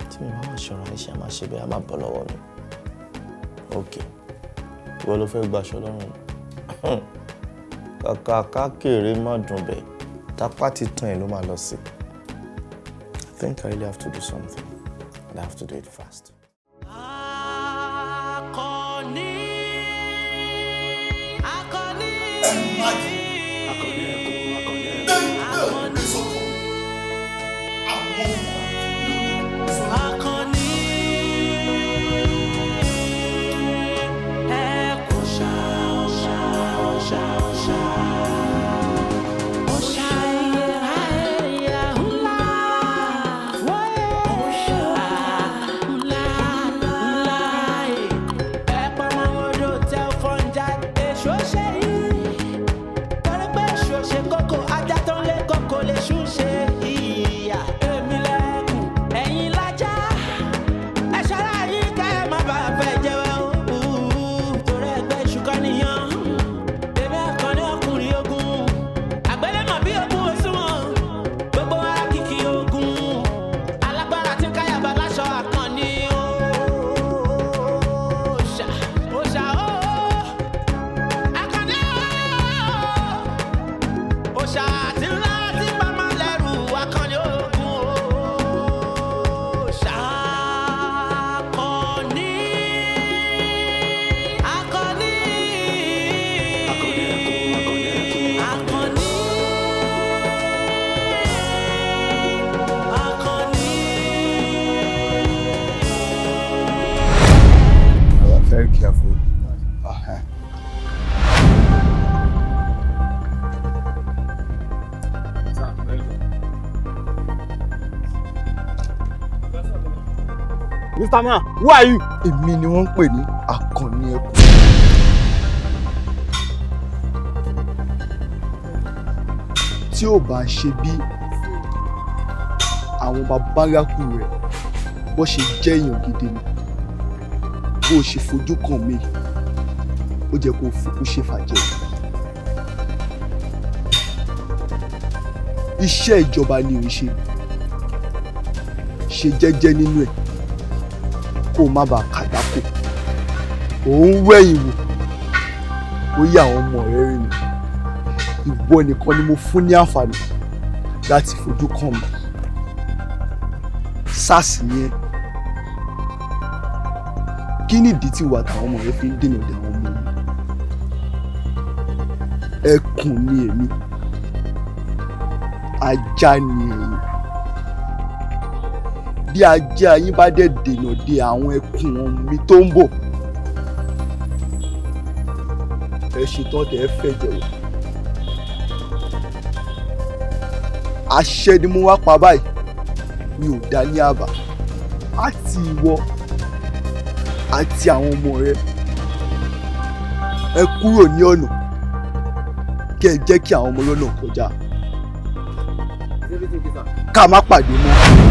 tí mi máa ṣọ̀rọ̀ àìṣe máa ṣe bẹ́ẹ̀ á máa bọ̀ lọ́wọ́ mi ok ìwọ ló fẹ́ gbaṣọ lọ́rùn kàkà kákèrè má dùn bẹ́ẹ̀. That party tán ẹ̀ ló máa lọ sí i think I really have to do something and I have to do it fast. Mr. Man, who are you? Èmi ni wọ́n ń pè ní Akànní Ẹkùn. Tí ò bá ṣe bí àwọn babaláku rẹ̀ bó ṣe jẹ́ èèyàn gidi ni bó ṣe fojú kàn mí ó jẹ́ kó fukú ṣe fàjẹ́. Iṣẹ́ ìjọba ni ò ń ṣe ṣe jẹ́jẹ́ nínú kó má bàa kàdákò òun wẹ̀yìn wò ó yẹ àwọn ọmọ rẹ rí mi ìwọ nìkan ni mo fún ní àǹfààní láti fojú kàn mí sars yẹn kí ni ìdí tí ìwà àtàwọn ọmọ rẹ fi ń dènà dè àwọn ọmọ mi ẹkùn ni èmi ajá ni èyí bí ajé ayín bá dẹ̀ dènà de àwọn ẹkùn omi tó ń bọ̀ ẹ ṣetán tẹ ẹ fẹ́ jẹ̀wọ̀ àṣẹ ni mo wá pa báyìí mi ò dá ní àbá àti ìwọ àti àwọn ọmọ rẹ ẹ kúrò ní ọ̀nà kí ẹ jẹ́ kí àwọn ọmọ lọ́nà kọjá ká má pàdé mọ́.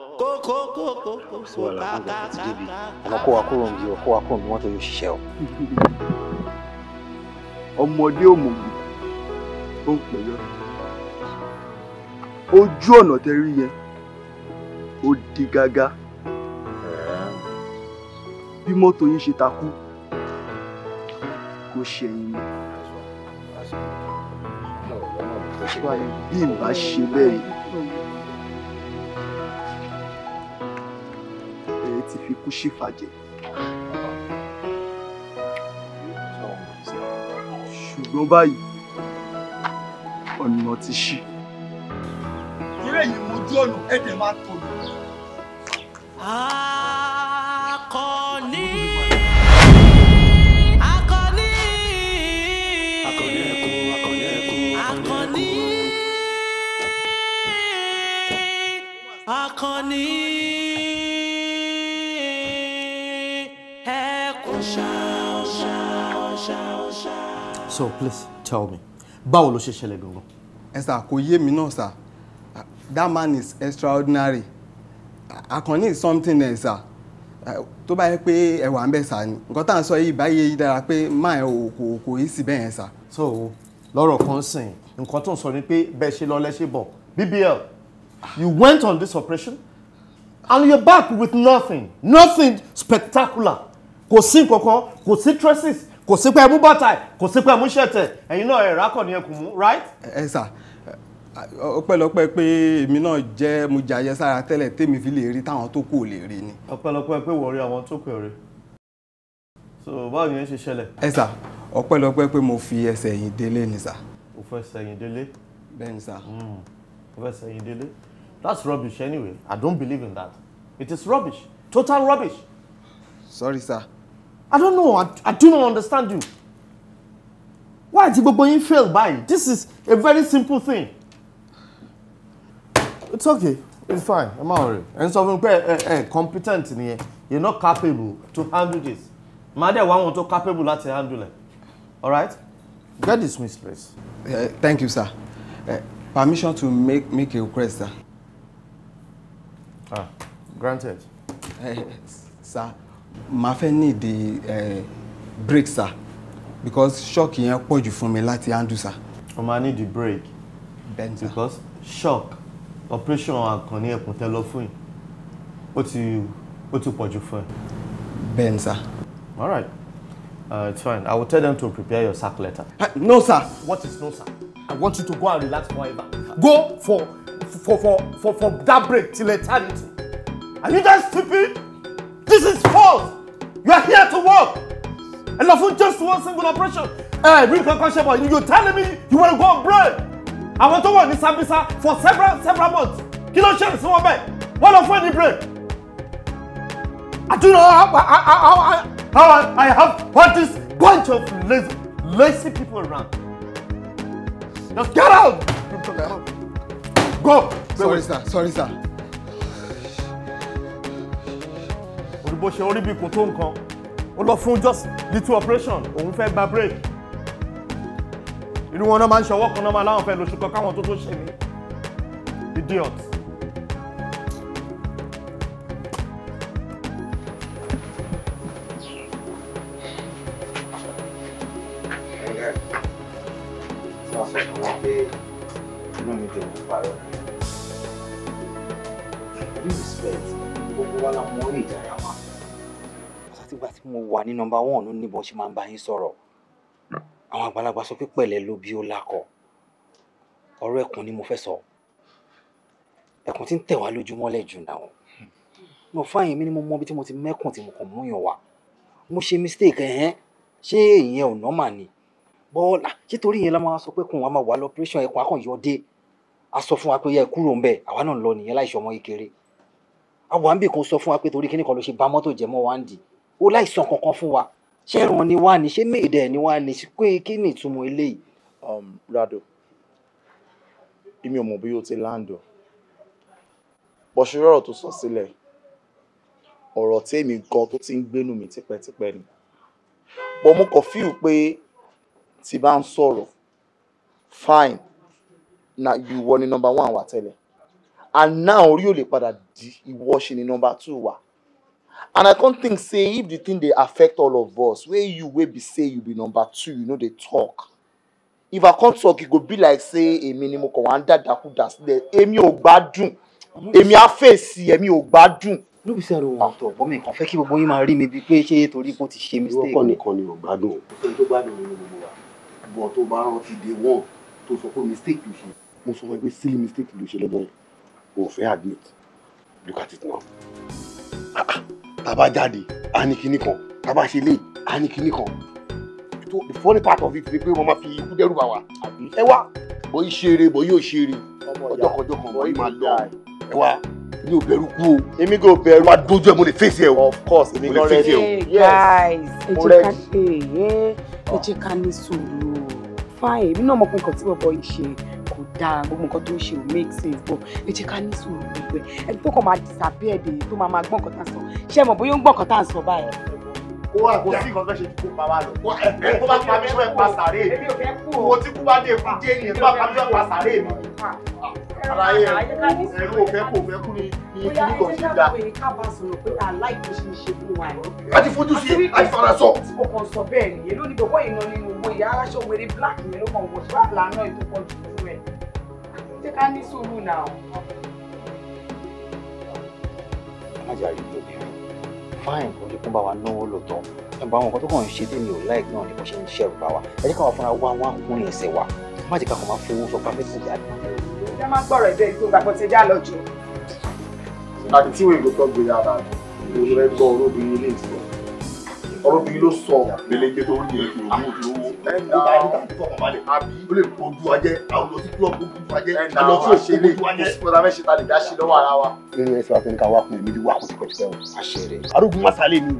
kókó kókó kókó kàkàkàkà. ọmọ kó wa kúrò níbi ọkọ wa kúrò níbi wọn tó o. ọmọdé òmùgù ó ń pè lọ ojú ọ̀nà tẹ yẹn ó di gágá bí mọ́tò yín ṣe takú kò ṣẹ̀yìn mi bí n bá ṣe bẹ́ẹ̀ yìí. ṣe fàjẹ́. ṣùgbọ́n báyìí ọ̀nà ti ṣí. ìrẹ́yìn mojú ọ̀nà ẹ̀dẹ̀ máa tọ̀nà. Ah! so please tell me báwo ló ṣe ṣẹlẹ̀ gangan. ẹ sà kò yé mi náà sà that man is extraordinary akànnì is something else sà tó bá yẹ pé ẹ wà ń bẹ̀ sà ni nǹkan tá à ń sọ yìí báyìí yìí dára pé máa ẹ kò kò yìí sì bẹ́ẹ̀ yẹn sà. so lọ́rọ̀ kan sìn nǹkan tó ń sọ ni pé bẹ́ẹ̀ ṣe lọ lẹ́ṣẹ̀ bọ̀ bbl you went on this operation and you're back with nothing nothing spectacular kò sí nǹkan kan kò sí traces kò sí pé mú bàtà kò sí pé mú ṣẹ̀tẹ̀ ẹ̀yin náà ẹ̀rá kọ̀ ni ẹ kò mú right. ẹ sà ọpẹ́lọpẹ́ pé èmi náà jẹ́ mo jàyẹ sára tẹ́lẹ̀ tèmi fi lè rí táwọn tó kù ò lè rí ni. ọpẹ́lọpẹ́ pé wọ́n rí àwọn tó kù ò rí so báwo ni yẹn ṣe ṣẹlẹ̀. ẹ sà ọpẹ́lọpẹ́ pé mo fi ẹsẹ̀ yìn délé ni sà. o fẹ́ sẹ́yìn délé. bẹ́ẹ̀ ni sà. Hmm. o fẹ́ sẹ́yìn délé that's rubbish anyway i don't believe in that it is rubbish total rubbish. sorry sir. I don't know. I, I do not understand you. Why did gbogbo yín fail by? This is a very simple thing. It's okay. It's fine. I'm má worry. And so, sọ fún mi pé ẹ ẹ competent You're not capable to handle this. Màá dẹ̀ wá wọn tó capable to handle it. All right? Get dismissed, please. Uh, eh, thank you, sir. Uh, permission to make make a request, sir. Ah, granted. Uh, sir máa fẹ́ ní ìdí break sir because shock yẹn pọ̀ jù fún mi láti handle sir. o máa need the break bẹ́ẹ̀ni because shock operation àkànní ẹ̀kún tẹ́ lọ fún yìí ó ti ó ti pọ̀ jù fún ẹ. bẹ́ẹ̀ni sir. all right uh, it's fine i will tell them to prepare your sack letter. Uh, no sir. what is no sir. i want you to go and relax forever go for for for for, for that break till eternity are you just stupid. This is false. You are here to work. And not for just one single operation. Eh, real concussion boy, you're telling me you want to go on break. I want to work in Sambisa for several, several months. Kí ló ṣẹlẹ̀ sí wọn bẹ́ẹ̀? Wọ́n lọ fún break. I do know how I, I, I, how I, have what this bunch of lazy, lazy people around. Just get out! Go! Sorry, Wait. sir. Sorry, sir. bó ṣe orí bí kò tó nǹkan ó lọ fún just two operation òun fẹ́ gba break irú wọn náà máa ń ṣọwọ́ kan náà máa láwọn fẹ́ lóṣù kan káwọn tó tó ṣe mí idiot. respect gbogbo wa la mọ̀ ọ́ ìdára mo wà ní nọmba one ló ní bọ́n ṣe máa ń bá yín sọ̀rọ̀ àwọn àgbàlagbà sọ pé pẹ̀lẹ́ ló bí ó lakọ ọ̀rọ̀ ẹkùn ni mo fẹ́ sọ ẹkùn tí ń tẹ̀ wá lójúmọ́lẹ̀ jù náà mo fáyín mi ni mo mọ ibi tí mo ti mẹ́kùn tí mo kàn múyàn wá mo ṣe mistake ẹ̀hẹ́n ṣé ìyẹn ò nọ́mà ni bọ́ọ̀lá ṣé torí ìyẹn la máa sọ pé kùn wa máa wà lọ operation ẹkùn akànyọ dé a sọ fún wa pé yẹ kúrò ńbẹ àwa náà lọ nìyẹn láìsọ ọmọ kékeré àwa ń bì kan sọ fún wa pé torí kíní kan ló ṣe bá mọ́tò jẹ mọ́ wa ó láìsàn kankan fún wa ṣé ẹran ni wá ni ṣé méèdẹ ni wá ni pé kí ni ìtumọ̀ eléyìí. Rado um, èmi ò mọ̀ bí o ti láǹdọ̀ bọ̀ṣúrọ̀rọ̀ tó sọ sílẹ ọrọ tí èmi gan tó ti ń gbénu mi tipẹ́tipẹ́ ni bọ̀ mo kàn fíìl pé tí bá ń sọrọ fine na ìwọ ni nọmba one wà tẹlẹ and now orí ò lè padà di ìwọ ṣe ni nọmba two wà. and i can't think say if the thing they affect all of us Where you wey be say you be number two you know they talk if i can't talk it could be like say a ni mo kàn wá ń dàdàkúdà sílẹ̀ èmi ò gbádùn èmi á fèsì èmi ò gbádùn. ló bí sẹ́rù wọn tó ọ̀gbọ́n mi kàn fẹ́ kí gbogbo yín máa rí mi bíi pé ṣé torí kò ti ṣe mistake. ìwọ kọ́ nìkan ni ò gbádùn. ìfẹ́ tó gbádùn ni gbogbo wa bọ̀ tó bá one tó sọ mistake ló ṣe. mo sọ fún silly mistake ló ṣe lọ́dọ̀ yẹn o ò admit look at it now. Ah, ah tàbá jáde á ní kinní kan tàbá ṣe lé á ní kinní kan the funny part of it ni pé wọ́n máa fi ikú dẹ́rù bá wa ẹ wá bọ́ yìí ṣeré bọ́ yìí ò ṣeré ọjọ́kọjọ́ kan bọ́ yìí máa lọ ẹ wá mi ò bẹ̀rù kú o. èmi kò bẹ̀rù. wá dojú ẹ mo lè fèsì ẹ o. of course èmi gan rẹ ni. guys ejika eye ejika ní sùúrù fine èmi náà mọ̀ pé nǹkan tí bọ̀bọ̀ yìí ṣe dáa gbogbo nǹkan tó ń ṣe ò make sense bọ̀ ẹ jẹ́ ká ní sùúrù gbogbo ẹ̀ ẹni tó kàn máa disappear dé tó máa máa gbọ́ nǹkan tá à ń sọ ṣé ẹ mọ̀ bóyá ó ń gbọ́ nǹkan tá à ń sọ báyìí. kó wà kó sí nǹkan fẹ́ ṣe kó pa wá lọ kó bá pa mí fẹ́ pa sàré mi owó tí kú bá dé fún jé nìyẹn tó bá pa mí fẹ́ pa sàré mi. àlàyé ah. ẹ̀rú ò fẹ́ fẹ́ kú ni ìkíní kan ṣe dá. a ti fojú sí a ti fara sọ jẹ́ ká ní sùúrù náà. amájà rí ibi obìnrin fáìn kò ní kún bá wa náwó lòótọ́ ẹ̀bùn àwọn nǹkan tó kàn ń ṣe tèmi ò láì náà ni kò ṣe ń ṣẹ̀rù bá wa ẹ jẹ́ káwọn fúnra wá wá kún ẹsẹ̀ wa má jẹ́ káwọn máa fowó sọ pápẹ́tì jáde. ṣé máa gbọ́rọ̀ ẹ̀jẹ̀ ìgbóngbà kan ṣe já lọ jù. àti tí wèé gbọ́dọ̀ gbé yàrá rẹ̀ ló rẹ́ gbọ́ olóbìnrin ilé ìsọ ọ̀rọ̀ bí ló sọ lélẹ́gbẹ́ tó rí ẹ̀kú owó lówó ẹ̀nà àbí ó lè bójú ajẹ́ àwọn lọ sí kílọ̀bù bójú ajẹ́ àlọ́ fún òṣèlè òṣìkọ́ta mẹ́sẹ̀ ta lè dá sí lọ́wọ́ ara wa. nínú ẹsẹ̀ wa fẹ́ ní ká wá kún èmi ní wà kó tipẹ́ tipẹ́ o. àṣẹ rẹ arógun masalẹ mi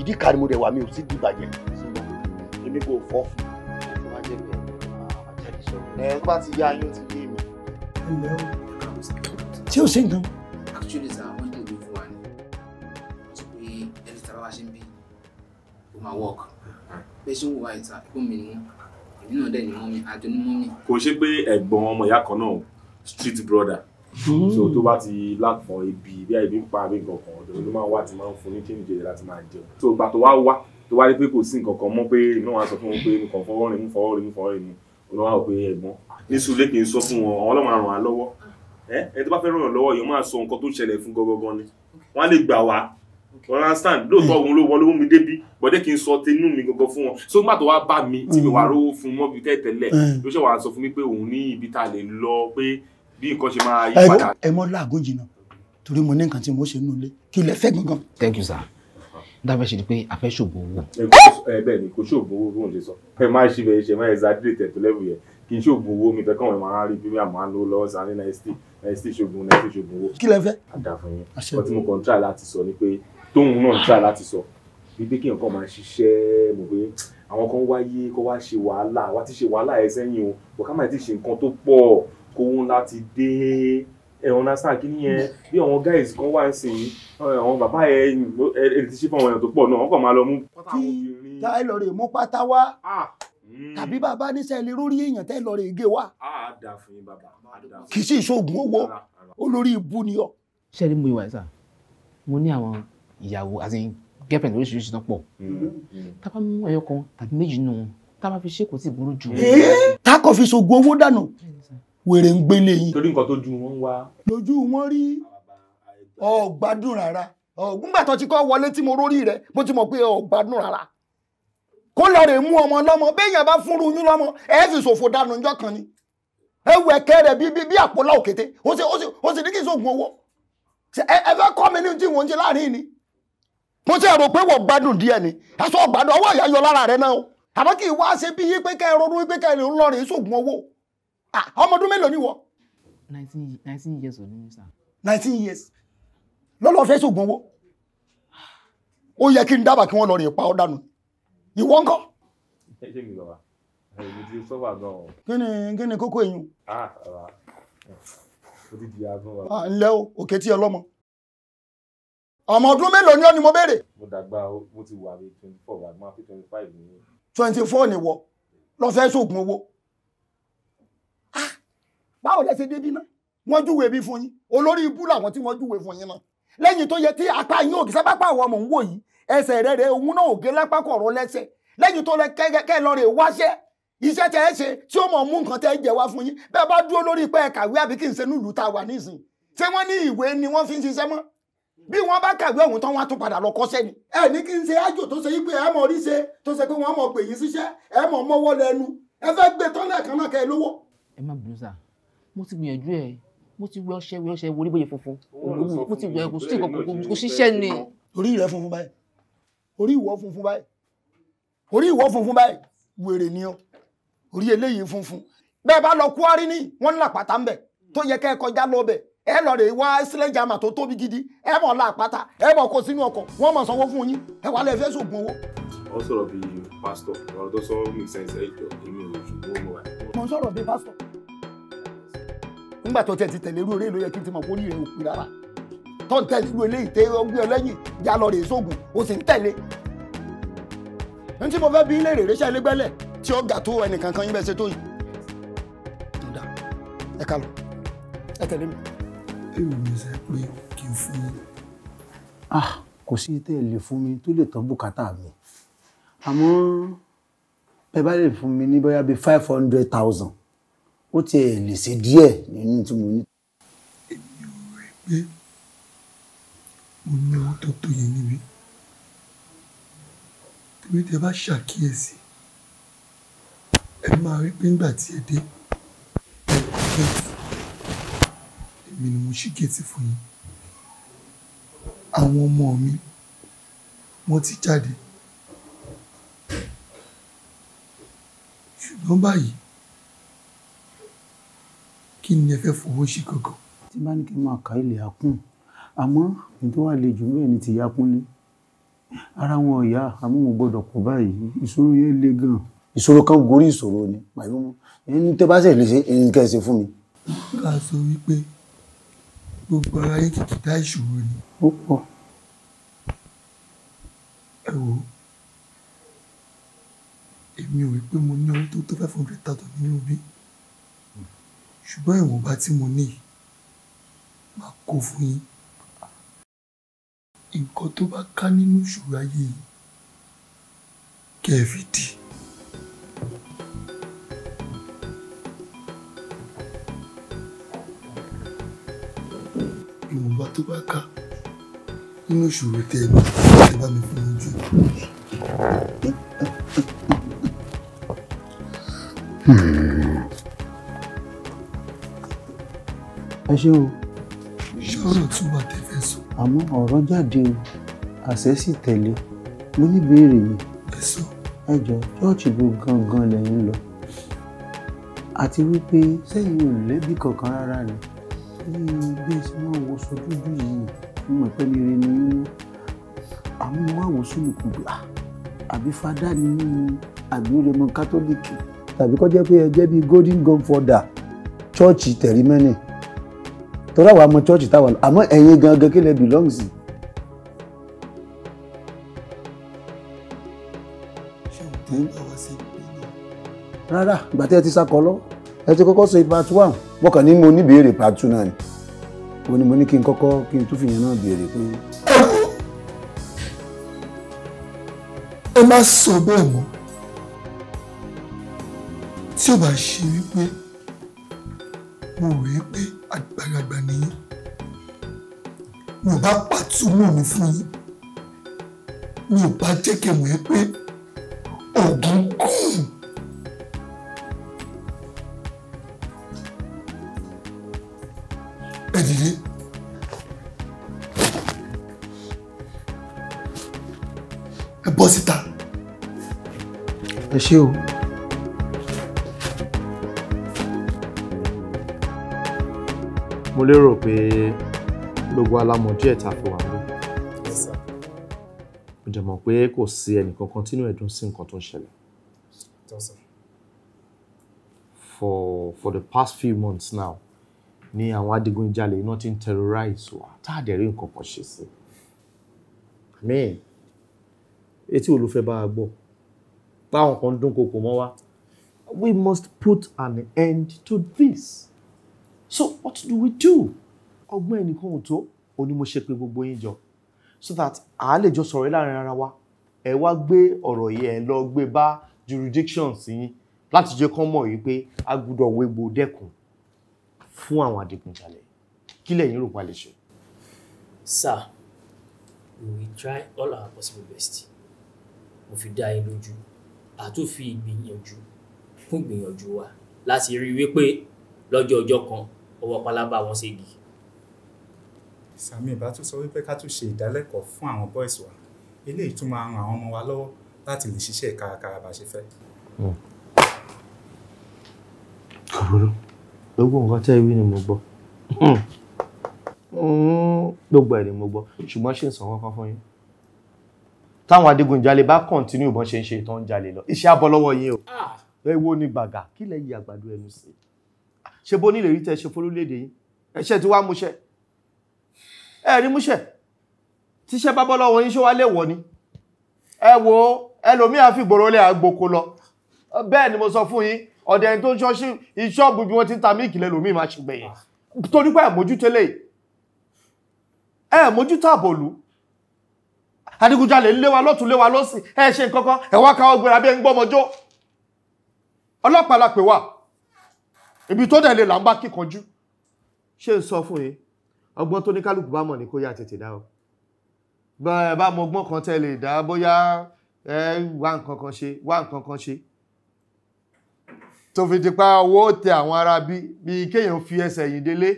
ìdí kan mo dẹ̀ wà mí o sí dìbàjẹ́ èmi kò fọ́ fún un. ẹ bá ti yá yín ti yé mi. ṣé o actually sir máa work pé ṣé ń wà ìta ẹ̀gbọ́n mi ni wọ́n èmi náà dẹ̀ ni mọ́mí àjọ ni mọ́mí. kò ṣe pé ẹ̀gbọ́n ọmọ ìyá kan náà street brother hmm. so tó bá ti lápọ̀ ibi bí ibi ń pa àbí nǹkan kan ọ̀dọ̀ ló máa wá ti máa ń fún ní change jẹjẹrẹ láti máa jẹun tó gbà tó wá wá tó wá rí pé kò sí nǹkan kan mọ́ pé iná wa sọ fún wọn pé nǹkan fọwọ́ rìn mú fọwọ́ rìn mú fọwọ́ rìn mú ọ̀nà wa ò pé ẹ̀gbọ́n ní sùlé kì í sọ fún wọn àwọn ọlọ́run àrùn àlọ́wọ́ ẹ ah. ẹ tó bá fẹ́ ràn án lọ́wọ́ yóò máa sọ nǹkan tó ṣẹlẹ̀ fún gangan ni wọ́n á lè gbà wá understand lóòótọ́ òun ló wọlé omi débi bọ́dé kì í sọ tinú mi gangan fún wọn so nígbà tó wá bá mi tí mi wà mm. rówó fún mọ́ bíi tẹ́tẹ́lẹ̀ mm. ló ṣe wàá sọ fún mi pé òun ní ibi tá a lè lọ pé bí nǹkan ṣe máa yí padà. ẹ mọ láàgùn jìnnà torí mo ní nǹkan tí mo ṣe nù lé kí lẹ fẹ́ gangan. thank you sir dábẹ́ ṣe ni pé a fẹ́ ṣògbó owó. ẹ bẹ́ẹ̀ ni kò ṣògbó owó bóun ṣe sọ ẹ má ṣe bẹ́ẹ̀ ṣe má exaggerate ẹ̀ tó lẹ́bù yẹn kì í ṣògùn owó mi fẹ́kàn wọn máa rí bí wàá máa lọ́wọ́ sáré náà náà ẹ̀ sí ṣògùn owó. kí lẹ fẹ́. àdàfún yín wọ́n mo kàn ń try láti sọ ni pé tóun náà ṣá láti sọ bíbí kí nǹkan máa ṣiṣẹ́ mọ̀ pé àwọn kan wáyé kó wá ṣe wàhálà wá ti ṣe wàhálà ẹ sẹ́yìn o kò ká má ti ṣe nǹkan tó pọ̀ kó wọn láti dé ẹ̀wọ̀n náà sáà kí nìyẹn bí àwọn guys kan wá ń sìn àwọn bàbá ẹ ẹ ti ṣe fún àwọn èèyàn tó pọ̀ náà wọ́n kàn máa lọ mú pátá obìnrin. kí táyì rè mú pátá wá ah, hmm. tàbí bàbá níṣẹ́ lè rórí èèyàn tẹ́ rè gé wá. kì í sì ìṣòògùn owó olórí ibú ni ọ. ṣé ẹ ní mo ìwà ẹ̀ sà mo ní àwọn ìyàwó àti girlfriend oríṣiríṣi náà pọ̀ mm-hmm. tábà mú ẹyọ kan tàbí méjì nù wọn tábà fi ṣe kò tí ì burú jù. Eh? tákọ̀ fi ṣògùn owó dànù wèrè ń gbélé yín. torí nǹkan tójú wọn wá. lójú wọn rí ọ̀gbádùn rárá ọ̀gbúngbà tó ti kọ́ wọlé tí mo rórí rẹ bó ti mọ̀ pé ọ̀gbádùn rárá kó lọ rè mú ọmọ lọ́mọ béèyàn bá fúnru yín lọ́mọ ẹ fi ṣòfò dànù ńjọ́ kan ni ẹ wù ẹ̀kẹ́ rẹ̀ bí bí àpòlá òkété ó sì ní kí n sọ ògùn owó ẹ fẹ́ kọ́ mi ní ti wọ́n ń ṣe láàrin ni. mo ti rò pé wọ́n gbádùn díẹ̀ ni aṣọ ọgbàdùn ọwọ́ àyà lára rẹ náà àmọ́ se ṣe bí yín pé kẹ́ ẹ ronú pé kẹ́ ẹ lè ń sóògùn owó ọmọ ọdún mélòó ni wọ. nineteen years 19 years. sir. nineteen years lọ́lọ́ fẹ́ sóògùn owó ó yẹ kí n dábàá kí wọ́n lọ rìn pa ọ́ dànù ìwọ ńkọ́. ẹ ṣe mi ti ah, ti di ọmọ ọdún mélòó ni ó ni mo béèrè. mo dàgbà mo ti wà ní twenty four àgbọn àti twenty five ní. twenty four ni wọ lọ fẹ́ sóògùn owó. Ah, báwo lẹ ṣe débi náà wọ́n júwe bí fún yín olórí ibú làwọn tí wọ́n júwe fún yín náà lẹ́yìn tó yẹ tí apá yín òkè sábàpá àwọn ọmọ ń wò yìí ẹsẹ̀ rẹ̀ rẹ̀ òun náà ògé lápá kọ̀ọ̀rọ̀ lẹ́sẹ̀ lẹ́yìn tó lẹ kẹ́kẹ́ lọ rè wáṣẹ́ iṣẹ́ tẹ́ ẹ ṣe tí ó mọ̀ mú nǹkan tẹ́ ẹ jẹ wá fún yín bẹ́ẹ̀ bá dúró lórí pé ẹ kàwé àbí kí n ṣe nílùú tá wà nísìn ṣé wọ́n ní ìwé ni wọ́n fi ń ṣiṣẹ́ mọ́ bí wọ́n bá kàwé ọ̀hún tán wọ́n á tún padà lọ kọ́ṣẹ́ ni. ẹ ní kí n ṣe ájò tó ṣe yí pé ẹ mọ̀ rí ṣe tó ṣe pé wọ́n mọ̀ pè yín síṣẹ́ ẹ mọ̀ mọ́wọ́ lẹ́nu ẹ fẹ́ gbé tọ́lá kan náà kẹ́ ẹ lówó. ẹ má bínú sá mo ti gbìyànjú ẹ mo ti wẹ ọṣẹ wẹ ọṣẹ wo oníbòye funfun mo ti gbìyànjú sí kò ṣiṣẹ́ ni. orí rẹ funfun báyìí orí ìwọ funfun báyìí orí ìwọ funfun báyìí wèrè ni ọ orí eléyìí funfun bẹ́ẹ̀ bá lọ kú arí ní wọn ní làpàtà ń bẹ tó yẹ kẹ́ ẹ kọjá ẹ lọ rè wá excellent jama tó tóbi gidi ẹ mọ̀ la àpáta ẹ mọ̀ kó sínú ọkọ̀ wọ́n mọ̀ sanwó fún yín ẹ wà lẹ́ẹ̀ fẹ́ sògùn owó. wọ́n sọ̀rọ̀ bí pásítọ̀ ọ̀rọ̀ tó sọ make sense ẹ̀ jọ èmi ò ṣùgbọ́n mo wà. mo sọ̀rọ̀ bí pásítọ̀. nígbà tó tẹ̀ ti tẹ̀lé irú eré ló yẹ kí n ti mọ̀ kó ní ìrẹ̀ òpin rárá tó ń tẹ̀lé irú eléyìí tẹ ọgbẹ́ ọlẹ́yìn ya lọ rè sóògùn o sì ń tẹ̀lé. n tí mo fẹ́ bí ilé rèrè ṣe ẹlẹ́gbẹ́lẹ̀ tí ó gà tó ẹnìkankan yín bẹ́ẹ̀ ṣe tó yìí. ẹ ká lọ ẹ tẹ̀lé mi èmi pé kí n fún yín. ah kò sí tẹ́ ẹ lè fún mi tó lè tán bùkátà mi àmọ́ bẹ́ẹ̀ bá lè fún mi ní bóyá bíi five hundred thousand ó tiẹ̀ lè ṣe díẹ̀ nínú tí mo ní. èmi ò rí pé mo ní owó tó tó yẹn níbí torí tẹ́ bá ṣàkíyèsí ẹ máa rí pé ńgbà tí ẹ dé ẹ kọ́ bẹ́ẹ̀ mi ni mo ṣí géètì fún yín àwọn ọmọ mi wọ́n ti jáde ṣùgbọ́n báyìí kí ni ẹ fẹ́ fowó ṣe gangan. tí bá ní kí n máa ka ilẹ̀ akún àmọ́ kí n tó lè jù bẹ́ẹ̀ ni ti yakunlé ara wọn ọ̀yá amóhùn gbọ́dọ̀ pọ̀ báyìí ìṣòro yẹn le gan ìṣòro kan gorí ìṣòro ni màá yọ mọ́ ẹni tẹ́ bá ṣe lè ṣe ẹni ẹ ṣe fún mi. ká sọ wípé gbogbo ara yín ti dá ìṣòro ni. ó pọ̀. ẹ wo èmi ò rí pé mo ní owó tó tó five hundred thousand nínú bí ṣùgbọ́n ìwọ̀nba tí mo ní máa kó fún yín nǹkan tó bá ká nínú ìṣòro ayé yìí kẹ́ ẹ fi dì í. tó bá ká nínú ìṣòro tẹ ẹ ní ẹ bá mi fún ojú. ẹ ṣé o. ṣọ́rọ̀ tún wà tẹ́fẹ́ sọ. àmọ́ ọ̀rọ̀ jáde o àṣẹ sì tẹ̀lé mo ní ìbéèrè mi. ẹ sọ. ẹ jọ ṣọ́ọ̀ṣì bó gangan lẹ́yìn lọ àti wípé sẹ́yìn ò lẹ́bí kankan rárá ni bí bí ẹ ṣe máa ń wọṣọ dúdú yìí mo mọ̀ pé nire ni àwọn wà wọ sólùkùn gbà àbí fadá ni àgbéremọ kátólíìkì tàbí kọ́ jẹ́ pé ẹ bíi golden godfather chọ́ọ̀chì tẹ̀rímẹ́nì tọ́lá wa mọ chọ́ọ̀chì táwa àmọ́ ẹ̀yin gangan kí lẹ belong sí. rárá ìgbà tí ẹ ti sá kọ lọ́wọ́ ẹ ti kọ́kọ́ ṣe part one wọ́n kàn ní mo ní béèrè part two náà ni òun ni mo ní kí n kọ́kọ́ kí n tún fìyẹn náà béèrè pé. ẹ má sọ bẹ́ẹ̀ mọ́ tí ò bá ṣe wípé mo rò é pé àgbàlagbà nìyí mi bá pàtúmọ̀ mi fún yín mi ò bá jẹ́ kí n pé ògùn gùn. ẹ ẹ bọ́ síta. ẹ ṣé o. mo lérò pé gbogbo alamọ díẹ̀ fi wà ní. mo jẹ́ mọ̀ pé kò sí ẹnìkankan tínú ẹ̀dùn sí nǹkan tó ń ṣẹlẹ̀. for for the past few months now ni àwọn adigunjalè iná ti ń terrorize wa tá nǹkan kan ṣe sí àmín etí olùfẹ́ bá a gbọ́ báwọn kan dún kòkò mọ́ wa we must put an end to this so what do we do ọgbọ́n ẹnìkan ò tó ó ní mo ṣe pé gbogbo yín jọ so that a lè jọ sọ̀rọ̀ láàrin ara wa ẹ wá gbé ọ̀rọ̀ yìí ẹ lọ gbé bá jurisdictions yín láti jẹ́ kán mọ̀ yìí pé a gbúdọ̀ wégbò dẹ́kun fún àwọn adigunjalè kí lẹ̀yin rò pa lè ṣe. sir we try all our possible best mo fi dá yín lójú àtúnfi ìgbìyànjú fún ìgbìyànjú wa láti rí i wípé lọ́jọ́ ọjọ́ kan ọwọ́ pálábá wọn ségi. sami ìbá tún sọ wípé ká tún ṣe ìdálẹ́kọ̀ọ́ fún àwọn boys wa eléyìí tún máa ran àwọn ọmọ wa lọ́wọ́ láti lè ṣiṣẹ́ kárakára bá ṣe fẹ́. Hmm. kò gbogbo nǹkan tẹ́ wí ni mo gbọ́ hmm. Hmm. gbogbo ẹ̀ ni mo gbọ́ ṣùgbọ́n ṣe ń sọ kankan fún yín táwọn adigunjalè bá kọ̀ǹtínú ìbọn ṣe ń ṣe ìtàn jalè lọ iṣẹ́ abọ́ lọ́wọ́ yín o ewo ah! ni gbàgà kí lẹ̀ yí àgbàdo ẹnu sí ṣe bó nílè rí tẹ ṣe fọlúlédè yín ẹṣẹ tí wàá múṣẹ ẹ rí múṣẹ tíṣẹ bá bọ́ lọ́wọ́ yín ṣó wá lè wọ ni ẹ wo ẹlòmíà fi gbòòrò lẹ àgbòkò lọ bẹ́ẹ̀ ni mo sọ fún yín ọ̀dẹ̀ tó ṣọ́ọ̀ṣì ìṣọ́ọ̀bù bí wọ́n ti ń ta míìkì lẹ́lòmíì máa ṣùgbẹ̀yìn torí pé àmójútó lè ẹ mójútó àbòlú adigunjalè léwa lọ́tún léwa lọ́sìn ẹ ṣe nǹkankan ẹ wá káwọ́ gbéra bí ẹ ń gbọ́mọjọ́ ọlọ́pàá la pè wá ibi tó dẹ̀ lè là ń bá kíkanjú ṣé ń sọ fún yín ọgbọ́n tó ní kálukú bá mọ̀ ní kó yá tètè dá o bá mọ ọgbọ́n kan tẹ́ lè dá bóyá ẹ wá nǹkan kan ṣe wá nǹkan kan ṣe tó fi tipa owó tẹ àwọn ará bí bí kéèyàn fi ẹsẹ̀ yìí délé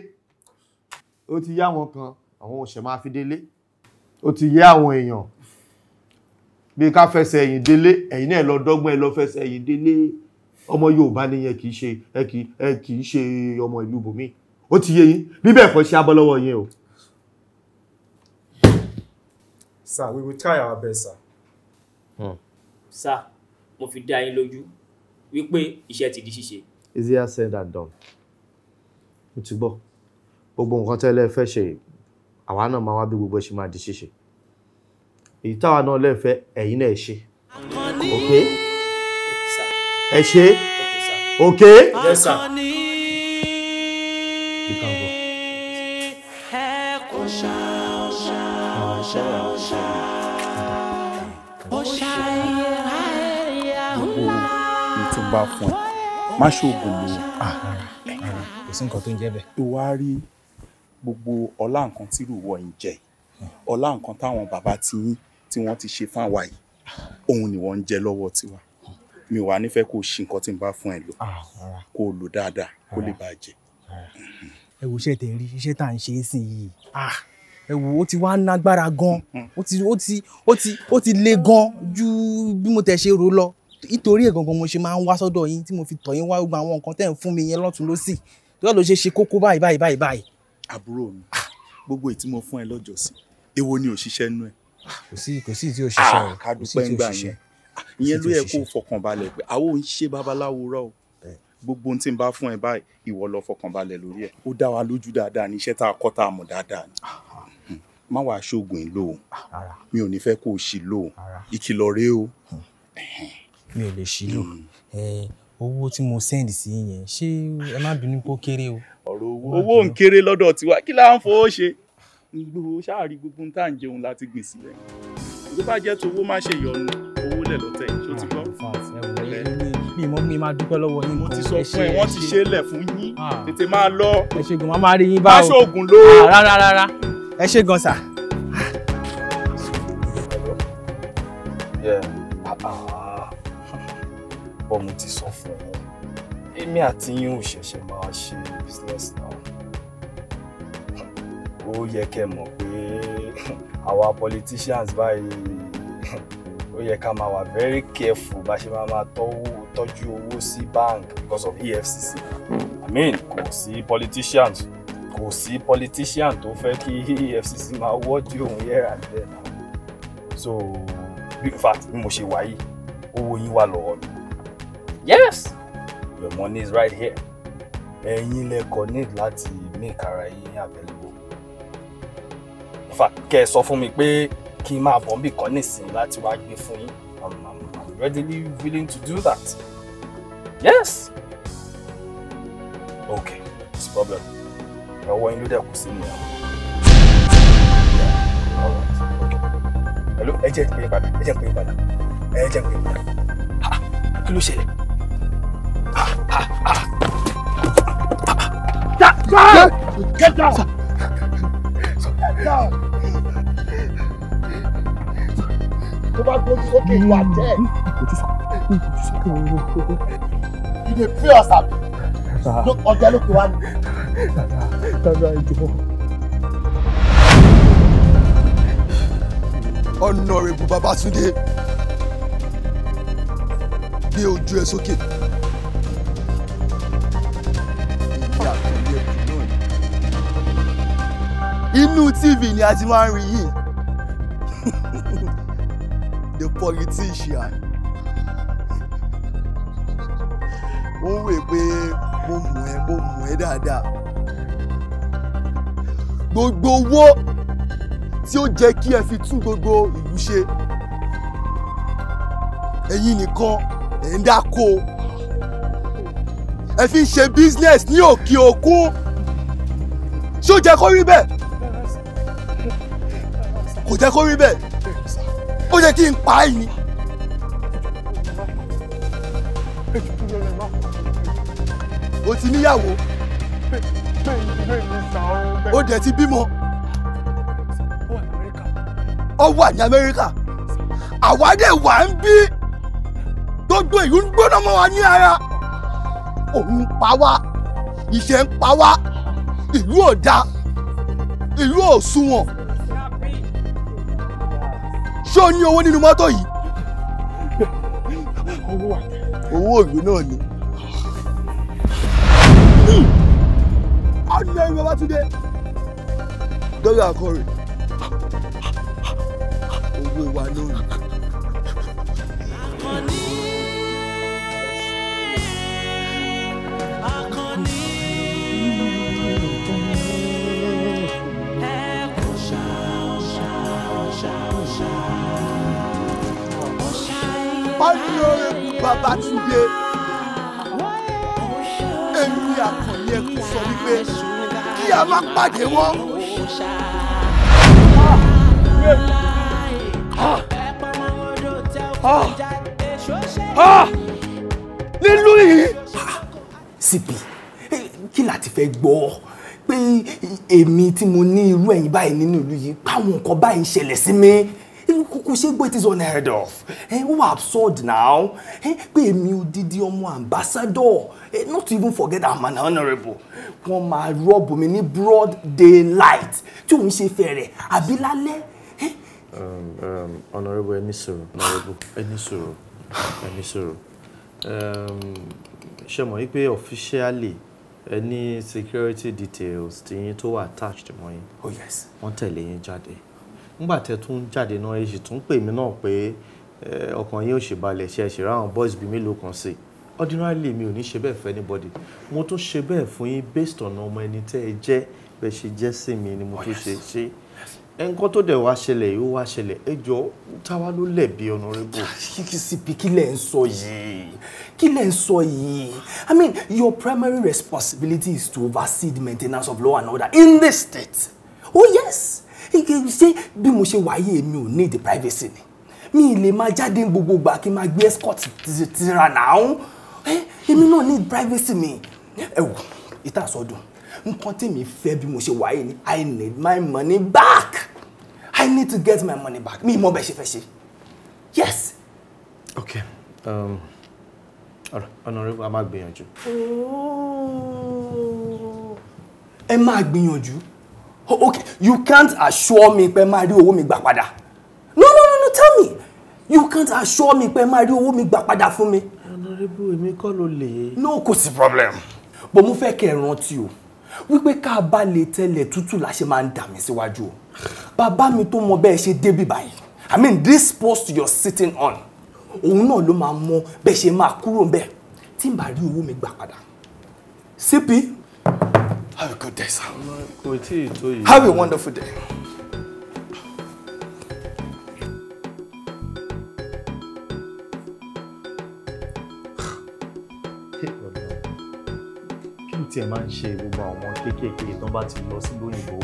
ó ti yá wọn kan àwọn òṣè máa fi délé ó ti yá àwọn èèyàn bí ká fẹsẹ̀ ẹ̀yìn délé ẹ̀yìn náà lọ dọ́gbọ́n ẹ lọ fẹsẹ̀ ẹ̀yìn délé ọmọ Yorùbá nìyẹn kì í ṣe ẹ kì ẹ í ṣe ọmọ ìlú bòmí ó ti yé yín bí bẹ́ẹ̀ kọ́ ṣe abọ́ yẹn o. sir we will try our best sir. Hmm. sir mo fi dá yín lójú wípé iṣẹ́ ti di ṣíṣe. easier said than done mo ti gbọ́ gbogbo nǹkan tẹ́lẹ̀ fẹ́ ṣe àwa náà máa wá bí gbogbo ẹ̀ ṣe máa di ṣíṣe èyí táwa náà lẹ́fẹ̀ẹ́ ẹ̀yin náà ẹ ṣe ok ẹ ṣe ok yes sir. bá fún ẹ má ṣoògùn lò ó. Ah, kò sí nǹkan tó ń jẹ́ bẹ́ẹ̀. ìwà rí gbogbo ọlá nǹkan tí ìrùwọ̀ yìí jẹ ọlá nǹkan táwọn bàbá ti yín tí wọ́n ti ṣe fáwa yìí òun ni wọ́n ń jẹ lọ́wọ́ tiwa mi wà nífẹ̀ẹ́ kó o ṣì nǹkan tí n bá fún ẹ lò ah, kó o lò dáadáa kó lè bá a jẹ. ẹ wo iṣẹ́ tẹ̀ ń rí iṣẹ́ tá à ń ṣe é sìn yìí ah, ẹ wò ó ti wá nágbára gan mm-hmm. ó ti ó ti ó ti ó ti le gan ju bí mo tẹ̀ ṣe rò lọ nítorí ẹ̀gangan mo ṣe máa ń wá sọ́dọ̀ yín tí mo fi tọ̀ yín wá gbogbo àwọn nǹkan tẹ́ ń fún mi yẹn lọ́tún lọ́sì tí wọ́n lọ ṣe ṣe kókó báyìí báyìí báyìí báyìí. àbúrò mi gbogbo èyí tí mo fún ẹ lọ́jọ́sí èwo ni òṣìṣẹ́ nú ẹ. kò sí kò sí tí òṣìṣẹ́ o ah, kò sí tí òṣìṣẹ́ ah, ìyẹn ló yẹ kó fọkànbalẹ̀ pé àwọn ń ṣe babaláwo rọ o gbogbo ohun tí n bá fún ẹ báyìí ìwọ hmm. ìkìlọ̀ rèé o. Hmm mi ò lè ṣí lò hmm. owó tí mo send sí yẹn ṣé ẹ má bínú pé kéré o. ọ̀rọ̀ owó owó ń kéré lọ́dọ̀ tiwa kí la ń fowó ṣe gbogbo ṣáàrí gbogbo ń tà ń jẹun láti gbìn sílẹ̀ tó bá jẹ́ tó owó má ṣe yọnu owó lẹ̀ lọ́tẹ̀ ṣó ti gbọ́. Ah, mi mo mi máa dúpẹ́ lọ́wọ́ yín. mo ti sọ fún ẹ wọ́n ti ṣe é lẹ̀ fún yín ah. tètè máa lọ. ẹ ṣe gan máa rí yín bá o. ṣoògùn lóo. Ah, rárá rárá ẹ ṣe gan sà. bọ́ mo ti sọ fún yín èmi àti yín ò ṣẹ̀ṣẹ̀ máa ṣe business náà ó yẹ kẹ́ mọ̀ pé àwa politicians báyìí ó yẹ ká máa wà very careful bá ṣe máa máa tọ́jú owó sí bank because of EFCC i mean kò sí politicians kò sí politician tó fẹ́ kí EFCC máa wọ́ọ̀dì òun here and there so big fact bí mo ṣe wáyé owó yín wà lọ́wọ́ mi Yes. The money is right here. Ẹ̀yin lẹ́kọ̀ọ́ need láti make ara yín available. In fact, kẹ́ ẹ sọ fún mi pé kí n máa bọ̀ níbì kan nísìnyí láti wá gbé fún yín. I'm readily willing to do that. Yes. Okay, no problem. Ọwọ́ yín ló dẹ̀ kù sí mi. Hello, ẹ jẹ́ ń pè é padà, ẹ jẹ́ ń pè ẹ jẹ́ ń pè Kí ló ṣẹlẹ̀? Down! Get down! Get down! Tó bá You sókè ìwà jẹ́. Gbójú sókè ìwà jẹ́. You dey pray us look, Ọjà ló pè wá ni. Dada dada ìjọ. Honorable Babatunde gbé ojú ẹ sókè. Okay. inú tv ni a ti máa ń rí yìí the politician ó ń wè pé mo mọ̀ ẹ́ mo mọ̀ ẹ́ dáadáa gbogbo owó tí ó jẹ́ kí ẹ fi tún gbogbo ìlú ṣe ẹ̀yin nìkan ẹ̀ ń dáko ẹ fi ń ṣe business ní òkè òkun ṣó jẹ́ kó rí bẹ́ẹ̀ jẹ́ kó rí bẹ́ẹ̀ ó yẹ kí n pa á yìí. o ti níyàwó ó dẹ̀ ti bímọ ó wà ní Amẹ́ríkà àwa dẹ̀ wà ń bí gbogbo ìlú ń gbóná mọ́ wa ní ara òun ń pa wá ìṣẹ́ ń pa wá ìlú ò dáa ìlú ò sunwọ̀n ṣé o ní owó nínú mọ́tò yìí. owó wa owó ògbé náà ni. ọ̀nẹ́rì Babátúndé dọ́là àkọrè owó wa náà ni. Babátúndé èmi àkànní ẹkùn sọ wípé kí a má pàdé wọn. nínú yìí. síbi kí láti fẹ́ gbọ́ pé èmi tí mo ní irú ẹ̀yìn báyìí nínú ìlú yìí báwọn nǹkan báyìí ń ṣẹlẹ̀ sí mi kúkú ṣé pé it is unheard of eh, ó wà absurd now eh, pé èmi odidi ọmọ ambassador eh, not even forget I'm an honourable wọ́n máa rọ́ọ̀bù mi ní broad daylight tí òun ṣe fẹ̀rẹ̀ àbí lálẹ́. Eh? Um, um, honourable ẹni sọ̀rọ̀ honourable ẹni sọ̀rọ̀ ẹni sọ̀rọ̀ um, ṣe mọ̀ wípé officially ẹni security details tí yín tó wà attached mọ́ yín oh, wọ́n tẹ̀lé yín jáde nígbà tẹ tún jáde náà èsì tún pè mí náà pé ọkàn yín ò ṣèbalẹ̀ ṣe ẹ̀ṣẹ̀ ráhùn boys bíi mélòó kan sí ordinarily mi ò ní ṣe bẹ́ẹ̀ fẹ́ anybody mo tún ṣe bẹ́ẹ̀ fún yín based on ọmọ ẹni tẹ́ ẹ jẹ́ bẹ́ẹ̀ ṣe jẹ́ sí mi ni mo tún oh, ṣe ṣe nǹkan tó dẹ̀ wá ṣẹlẹ̀ yìí ó wá ṣẹlẹ̀ ẹjọ́ táwa ló lẹ̀bi honorable. ccp ah, kí lẹ̀ ń sọ yìí kí lẹ̀ ń sọ yìí i mean your primary responsibility is to oversee the maintenance of law and order in this state oh yes ṣé bí mo ṣe wáyé èmi ò ní the privacy ni mi ì lè máa jáde gbogbo gbà kí n máa gbé escort tira náà èmi náà ní privacy mi ẹ wò ìta sọdún nǹkan tí mi fẹ́ bí mo ṣe wáyé ni i need my money back i need to get my money back mi ì mọ bẹ́ẹ̀ ṣe fẹ́ ṣe yes. okay um, honorable a máa gbìyànjú. ẹ máa gbìyànjú. Oh, okay you can't assure me pé máa rí owó mi gbà padà no no no no tell me you can't assure me pé máa rí owó mi gbà padà fún mi. honourable èmi kọ́ ló lè. no kò sí problem bó mo fẹ́ kẹ́ ẹ rántí o wípé ká a bá lè tẹ́lẹ̀ tútù la ṣe máa ń dà mí síwájú o bàbá mi tó mọ bẹ́ẹ̀ ṣe débì báyìí i mean this post you're sitting on òun náà ló máa mọ bẹ́ẹ̀ ṣe máa kúrò ń bẹ̀ tí n bá rí owó mi gbà padà. cp Have a good day, sir. Have a wonderful day. tí máa ń ṣe gbogbo àwọn kéékèèké tó bá ti lọ sí lóyìnbó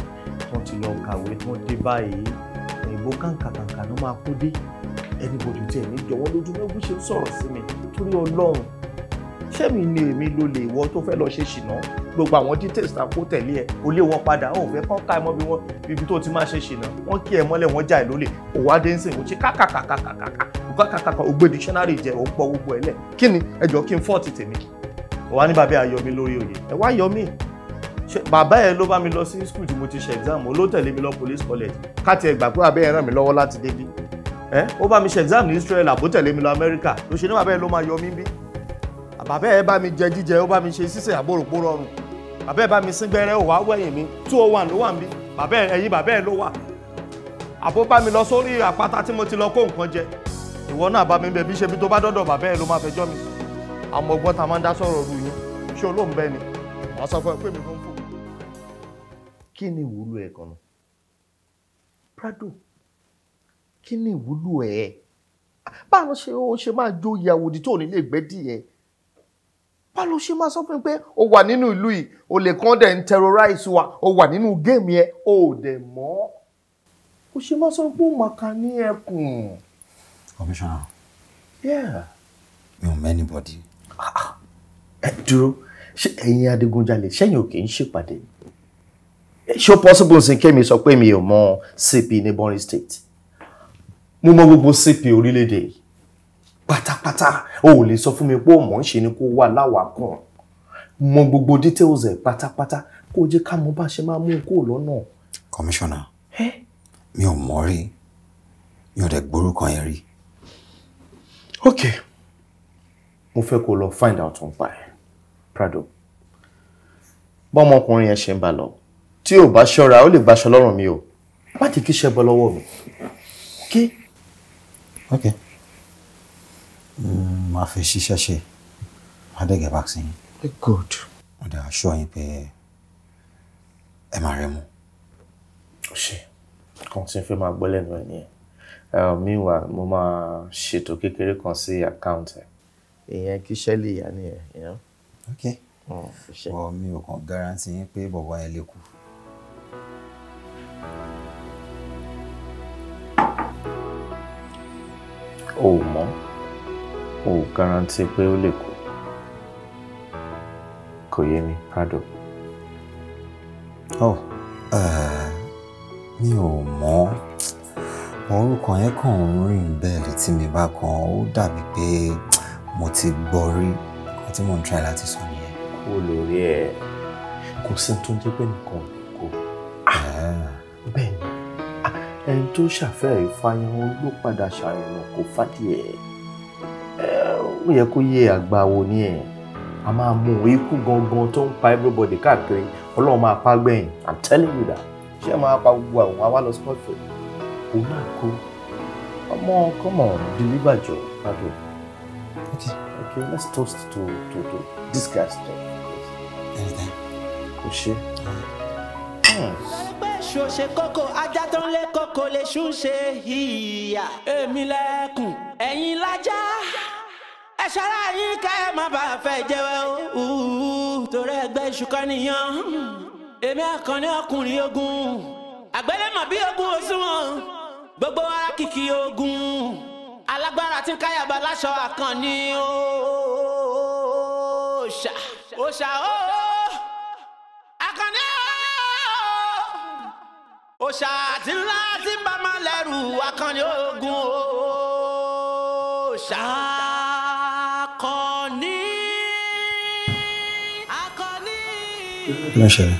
tó ti lọ kàwé tó dé báyìí òyìnbó kàǹkàkàǹkà ló máa kó dé ẹnibodè tí ẹ̀mí jọ̀wọ́ lójú mẹ́gbù ṣe sọ̀rọ̀ sí mi torí ọlọ́run ṣé mi ni èmi ló lè wọ tó fẹ́ lọ ṣe ṣìnà gbogbo àwọn details ta kó tẹ̀lé ẹ o lé wọn padà o fẹ́ kán ká ẹ mọ́ bí wọ́n ibi tó ti máa ṣe ṣìnà wọ́n kí ẹ mọ́lẹ̀ wọ́n já ẹ lólè òwò adé ń sìn kò ṣe kákàkàkàkàkàkàkà ògbé dictionary jẹ ò pọ̀ gbogbo ẹ lẹ̀ kí ni ẹ jọ kí n fọ́ ti tèmi wà ní bàbá àyọmí lórí oyè ẹ wá yọmí bàbá ẹ ló bá mi lọ sí school tí mo ti ṣe exam ó ló tẹ̀lé mi lọ police college káti ẹ gbà pé bàbá ẹ ràn mí lọ́wọ́ láti débí ẹ ó bá mi ṣe exam ní Israel àbó tẹ̀lé mi lọ America ló ṣe ní bàbá ẹ ló máa yọ mí bí bàbá ẹ bá mi jẹ jíjẹ ó bá mi ṣe sísè àbòròpó rọrùn bàbá ẹ̀ bá mi sín ò wá wẹ̀yìn mi two oh one ló wà mí bàbá ẹ̀ ẹ̀yìn bàbá ẹ̀ ló wà àbó bá mi lọ sórí àpáta tí mo ti lọ kó nǹkan jẹ ìwọ náà bá mi bẹ bí ṣe bí tó bá dọ́dọ̀ bàbá ẹ̀ ló máa fẹjọ́ mi àmọ́ ọgbọ́n ta máa ń dá sọ̀rọ̀ ru yín ṣé olóhùn bẹ́ẹ̀ ni wọ́n sọ fún ẹ pé mi kò ń fò. kí ni ìwúlò ẹ kan Prado kí ni ìwúlò ẹ báwo ṣe ó ṣe máa jó ìyàwó di tó ò ní lè gbẹ́ díẹ̀ bá ló ṣe máa sọ fún pé o wà nínú ìlú yìí o lè kàn dẹ̀ ń terrorize wa o wà nínú géèmù yẹn o ò dẹ̀ mọ́ o ṣe máa sọ pé o máa ka ní ẹkùn. commissioner. yeah. mi ò mẹ́ anybody. Ah, ah. ẹ dúró ṣé ẹ̀yin adigunjalè ṣẹ́yìn ò kì í ṣèpàdé ṣó possible nsìn kẹ́mi sọ pé mi ò mọ CP ní Borno State mo mọ gbogbo CP orílẹ̀-èdè yìí pátápátá o ò lè sọ fún mi pé ó mọ̀ ń ṣe ni kó wà láwàákàn mọ gbogbo details ẹ̀ pátápátá kó jẹ́ ká mọ bá ṣe máa mú kó lọ́nà. kọmíṣánná mi ò mọ̀ rí mi ò dẹ̀ gbórúkọ yẹn rí. ok mo fẹ́ kó lọ find out on fire prado bọ́mọkùnrin yẹn ṣe ń bá lọ tí ò bá ṣọ́ra ó lè gbaṣọ lọ́rùn mi o má jẹ́ kí iṣẹ́ bọ́ lọ́wọ́ mi. ok. okay. Mm, máa fi ṣiṣẹ́ ṣe máa dẹ̀ get back good. mo dẹ̀ aṣọ yín pé ẹ máa rẹ mu. ó ṣe kan tí n fẹ́ máa gbọ́ lẹ́nu ẹ̀ nìyẹn um, meanwhile mo máa ṣètò kékeré kan sí àkáǹtì ẹ̀. ìyẹn kí iṣẹ́ lè yá nìyẹn. ok mm, bọ̀ mi ò kàn guarantee yín pé bọ̀bọ̀ yẹn lè kú. ò mọ́ ò guarantee pé ó lè kú kò yé mi Prado. oh eh, mi ò mọ̀ orúkọ yẹn kàn ń rìn bẹ́ẹ̀ létí mi bákan ó dàbí pé mo ti gbọ́ rí nǹkan tí mò ń try láti sọ nìyẹn. kó lórí ẹ kò sí tó jẹ́ pé nǹkan kò ah! eh. bẹ́ẹ̀ ni ah, ẹni tó ṣàfẹ́rí fáyẹn ló padà ṣàyẹ̀wò kò fàdí ẹ̀ ó yẹ kó yé àgbà wo ni ẹ̀ a máa mú ikú gangan tó ń pa everybody káàkiri ọlọ́run máa pa gbẹ̀yìn i'm telling you that ṣé máa pa gbogbo àwọn àwa lọ Scotland náà kú ọmọ come deliver jọ padà okay let's toast to to to this guy's talk. kò ṣe èso ṣe kókó ajá tó ń lé kókó lè ṣùn ṣe hìyà èmi lẹ́kùn ẹ̀yin lájá ẹ ṣọ́ra yín ká ẹ má bàa fẹ́ jẹ́wẹ́ o torí ẹgbẹ́ iṣu kan nìyàn èmi àkànní ọkùnrin ogun àgbélẹ̀mọ̀ bí ogun òṣùwọ̀n gbogbo ara kìkì ogun alágbára tí ń káyàbá láṣọ àkànní ó ṣà ó ṣà ó. òṣà tí ńlá tí bá máa lẹ́rù akànnì ogun òṣà. akọni. akọni. ló ń ṣẹlẹ̀.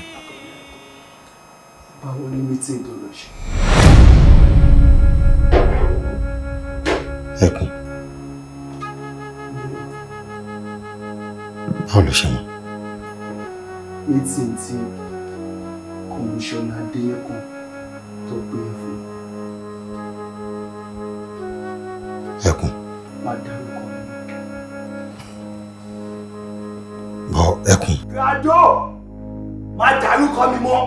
báwo ni meeting tó lọ ṣe. ẹkùn. báwo ló ṣe mọ̀. meeting ti kọmíṣánná adéyẹkùn tó pé ń fún. ẹkún. má dárúkọ mi. bọ ẹkún. gàdó má dárúkọ mi mọ́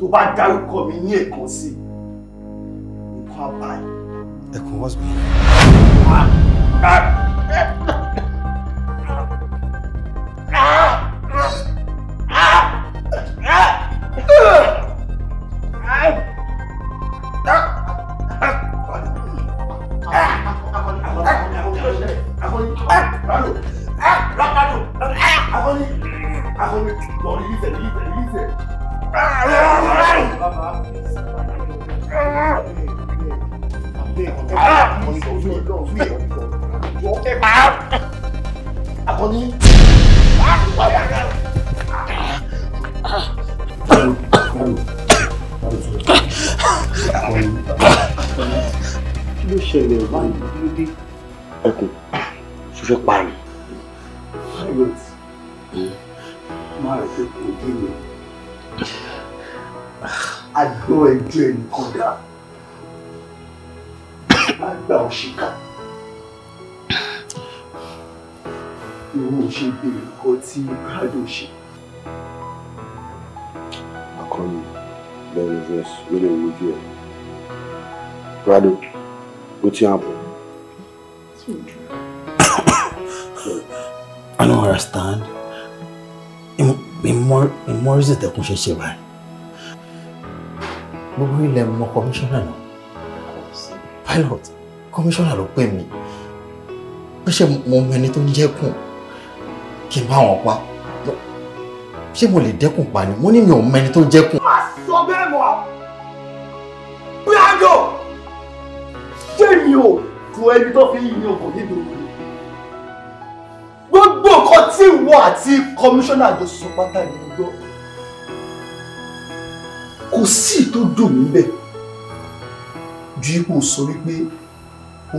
tó bá dárúkọ mi ní èkó sí i nǹkan abáyé. ẹkún what's going on. Ah, ah. nothing I don't understand. Memories that kun ṣe ṣe báyìí. Gbogbo ilẹ̀ mọ kọmíṣánná náà. Pilot, kọmíṣánná ló pè mí. Pé ṣé mo mọ ẹni tó ń jẹ́kùn kí n bá wọn pa? Ṣé mo lè dẹ́kun pa ni? Mo ní mi ò mọ ẹni tó jẹ́kùn. ibi tó fi ń yìn ní òkò nígboro rẹ̀ gbogbo nǹkan tí ìwọ àti kọmíṣánná àjọ sọ pátá ìlú gbọ́ kò sí tó dùn mí bẹ́ẹ̀ ju ipò sọ wípé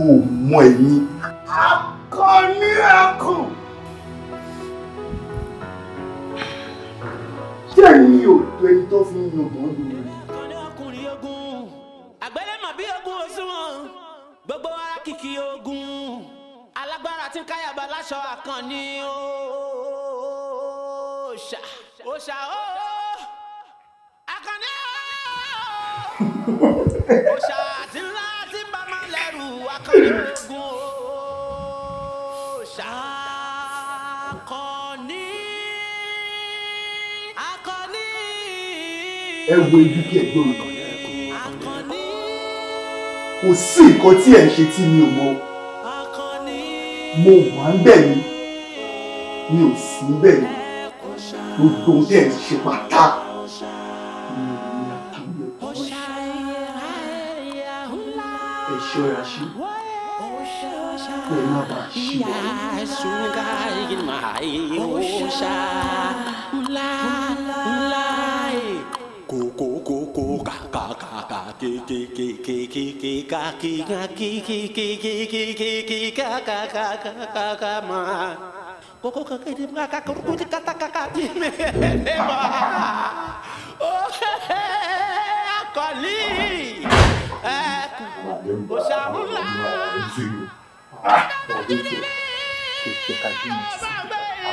o ò mọ ẹ̀yìn. akọni ẹkùn. jẹ́ ní òtò ẹni tó fi ń yan ọ̀gbọ́n lulẹ̀. akọni ọkùnrin ogun àgbẹ̀lẹ́mọ̀ bí ogun òṣùwọ̀n gbogbo ara kìkì ogun alágbára tí káyàbá láṣọ àkànní òòṣà òòṣà òòṣà àkànní òòṣà tí ńlá tí ń bá máa lẹ́rù àkànní ogun òòṣà ẹ wo ibi tí ẹ gbóòrò kò sí nǹkan tí ẹ̀ ń ṣe tí mi ò mọ mo wà ń bẹ̀ ni mi ò sí ń bẹ̀ ni gbogbo ohun tí ẹ̀ ń ṣe pátá mi ò ní àtúnyẹ tó ṣe ẹ ṣọ́ra sí pẹ̀lú àbá ṣíbẹ̀. kòkòkò. Ah,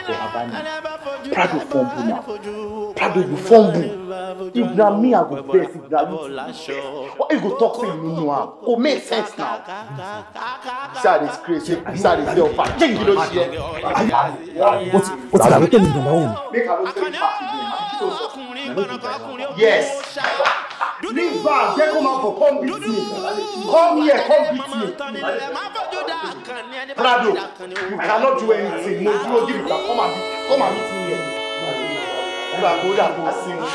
Akọ̀rọ̀ bá ní. Prado fọ́ǹbù náà. Prado you fọ́ǹbù. If na me I go best, if na you to be best. Why you go talk say you no know am? Go make sense now. Sáà dey screen say sáà dey sell fat. Jẹ́ ìdílé oṣù yẹn. O ti dàbí tẹ̀lé ìdàgbà wò ni. Make I no tell you fast again. Yes. Leave back, they come out for come beat me. Come here, come beat me. Prado, you cannot do anything. No, do give it back. Come and beat, come and beat me here. Nígbà tó dà tó sin mi,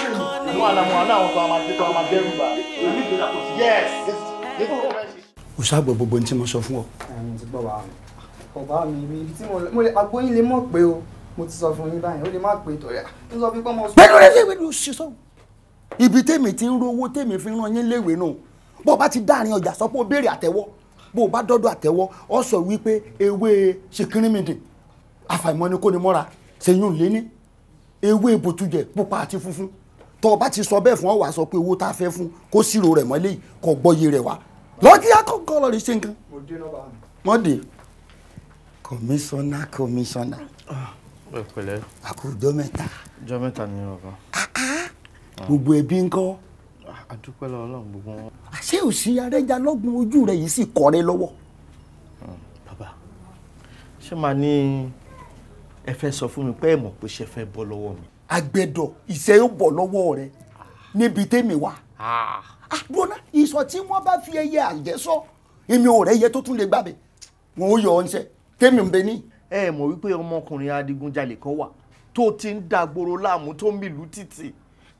inú àlàmọ́ àná àwọn tó a máa dé tó a máa dẹ́rù bá. Yes. O ṣàgbọ̀ gbogbo ní tí mo sọ fún ọ. Ẹ̀yin ti gbọ́ bàá mi. mi, ibi tí mo lè agbóyin lè mọ̀ pé o mo ti sọ fún yín báyìí ó lè má pè tọ̀yà ń sọ fún pé ọmọ. pẹ̀lú rẹ̀ léwé ló ṣe sọ. ibi tèmi ti ń rówó tèmi fi ràn yín léwé nù bó o bá ti dáàrin ọjà sọ pé o béèrè àtẹ́wọ́ bó o bá dọ́dọ̀ àtẹ́wọ́ ọ sọ wípé ewé ṣèkínrímìdì àfàìmọ́ ni kò ní mọ́ra ṣèyún léní ewé bòtújẹ pupa àti funfun tọ́ ọ bá ti sọ bẹ́ẹ̀ fún ọ wàá sọ pé owó tá a fẹ́ fún kó sírò rẹ̀ mọ́lẹ́ yìí kò gbọ́yé rẹ̀ wá lọ́jọ́ àkọ́kọ́ lọ́ọ́ rí ṣe nǹkan. mo dé nọ́mbà mi. wọ́n dé kọmíṣánná kọmíṣánná ẹ pẹ̀lẹ́. àkójọ mẹ́ta. jọ mẹ́ta ni bàbá. Ah, ah. gbogbo ẹbí ńkọ́. àdúpẹ́ lọ́wọ́ Ọlọ́run gbogbo wọn. àṣé òsì arẹ́jà lọ́gbọ̀n ojú rẹ̀ yìí sì kọ́rẹ́ lọ́wọ́. Hmm, bàbá ṣé màá ní ẹ fẹ́ sọ fún mi pé ẹ mọ̀ pé ṣe fẹ́ bọ́ lọ́wọ́ mi. àgbẹ̀dọ̀ ìṣẹ́ yóò bọ̀ lọ́wọ́ rẹ níbi tẹ́mi wà. àdúrà ah. ìsọ̀ tí wọ́n bá fi ẹyẹ àjẹsọ́ èmi ò rẹ̀ yẹ tó tún lè gbàbẹ̀ wọn ò yọ ọ́ ń sẹ́ tẹ́mi ń bẹ ní ẹ mọ̀ wípé ọmọkùnrin adigunjalè kan wà tó ti ń dàgbòrò láàmú tó ń mìlú títì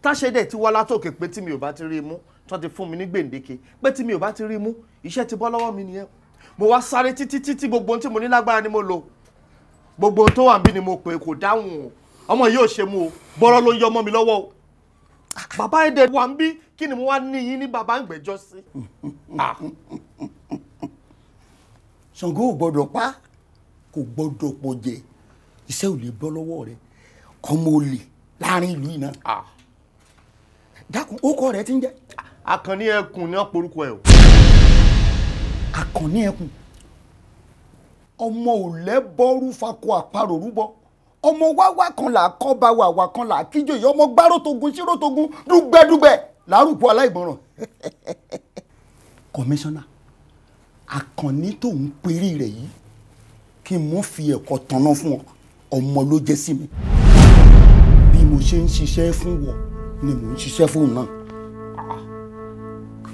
táṣẹ́dẹ̀ ti wá látòkè pé tí mi ò bá ti rí i mú tó ti fún mi ní gbèǹdéke pé tí mi ò bá ti rí i mú iṣẹ́ ti bọ́ lọ́wọ́ mi nìyẹn mo wá sáré títí títí gbogbo ohun tí mo ní lágbára ni mo lò gbogbo ohun tó wà níbí ni mo pè kò dáhùn o ọmọ yìí ò ṣe mu o bọ́rọ̀ ló ń yọ ọmọ mi lọ́wọ́ o bàbá ẹ̀dẹ̀ wà ń bí kí ni mo wá ní yín ní bàbá ń gbẹ́jọ́ sí. Ah. Ṣàngó ò pa kò gbọ́dọ̀ pọ̀ jẹ iṣẹ́ ò lè bọ́ lọ́wọ́ rẹ ọmọ olè láàrin ìlú yìí náà dákun ó kọ rẹ ti ń jẹ. Àkànní ẹkùn ni wọn porúkọ ẹ o. Àkànní ẹkùn ọmọ ò lẹ́bọ́rú fakọ àparò rúbọ ọmọ wáwá kan là kọ́ bá wàwá kan là á kíjòyè ọmọ gbárótogun sírótogun dúgbẹ́dúgbẹ́ lárúkọ aláìgbọràn kọmíṣánná Àkànní tó ń perí yìí kí n mọ̀ fi ẹ̀kọ́ tanná fún ọ ọmọ ló jẹ́ sí mi bí mo ṣe ń ṣiṣẹ́ fún wọ ni mò ń ṣiṣẹ́ fún náà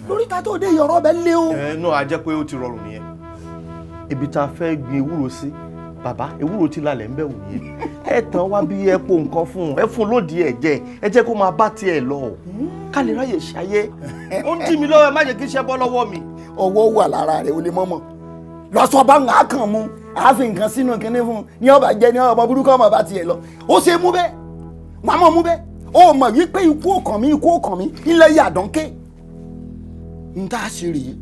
lórí ta tó dé yọ̀rọ̀ bẹ́ẹ̀ lé o. ẹ náà a jẹ́ pé ó ti rọrùn nìyẹn ibi tá a fẹ́ gbin ewúro sí bàbá ewúro ti lalẹ̀ ń bẹ̀ wò yìí ẹ tàn wá bí ẹ po nǹkan fún un ẹ fún un lóde ẹ jẹ ẹ jẹ́ kó máa bá tiẹ̀ lọ ká lè ráyè ṣayé ó ń dì mí lọ́wọ́ ẹ má jẹ́ kí iṣẹ́ bọ́ lọ́wọ́ mi. ọwọ́ wà lára rẹ̀ o lè mọ́mọ́ lọ́sọ̀ bá ń hàn kàn mú àáfi nǹkan sínú kínní fún un ní ọba jẹ ní ọmọ burúkú ọmọ bá tiẹ̀ lọ ó ṣe mú bẹ́ẹ̀ wàá mọ̀ mú bẹ́ẹ̀ ó mọ̀ wípé ikú ọkàn mi ikú ọkàn mi ilẹ̀ yà dọ́ńkẹ́ n tá a ṣe rèé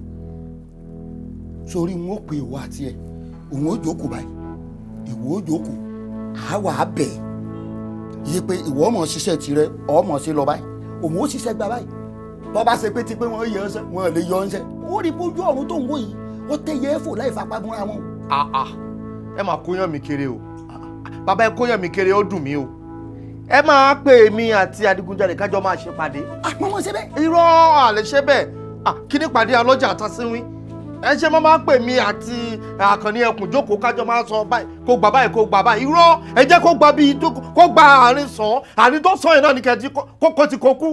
sórí n ó pe ìwọ àti ẹ òun ó jókòó báyìí ìwọ ó jókòó àá wà á bẹ̀ yí pé ìwọ ọmọ ṣiṣẹ́ tirẹ̀ ọmọ ṣe lọ báyìí òun ó ṣiṣẹ́ gba báyìí bọ́ba ṣe pé ti pé wọ́n yọ ọ́nṣẹ́ wọ́n lè yọ ọ́nṣẹ́ ó rí bójú ọ̀run tó ń wò yìí ó tẹ̀yẹ́ fò láì fapá múra wọn o. Ah, ah. ẹ máa kóyàn mi kéré o bàbá ẹ kóyàn mi kéré ó dùn mí o ẹ máa pè mí àti adigunjalè kájọ máa ṣe pàdé. àpò ah, wọn ṣe bẹ́ẹ̀. irọ́ àlè ṣe bẹ́ẹ̀ kí ni pàdé alọ́jà àtàsínwín ẹ ṣe máa máa pè mí àti àkànní ẹkùn jókòó kájọ máa sọ báyìí kó gbà báyìí kó gbà báyìí irọ́ ẹ jẹ́ kó gba bíi kó gba àárín sàn án àárín tó sàn yìí náà ní kẹ́ẹ̀tì kó kó ti kó kú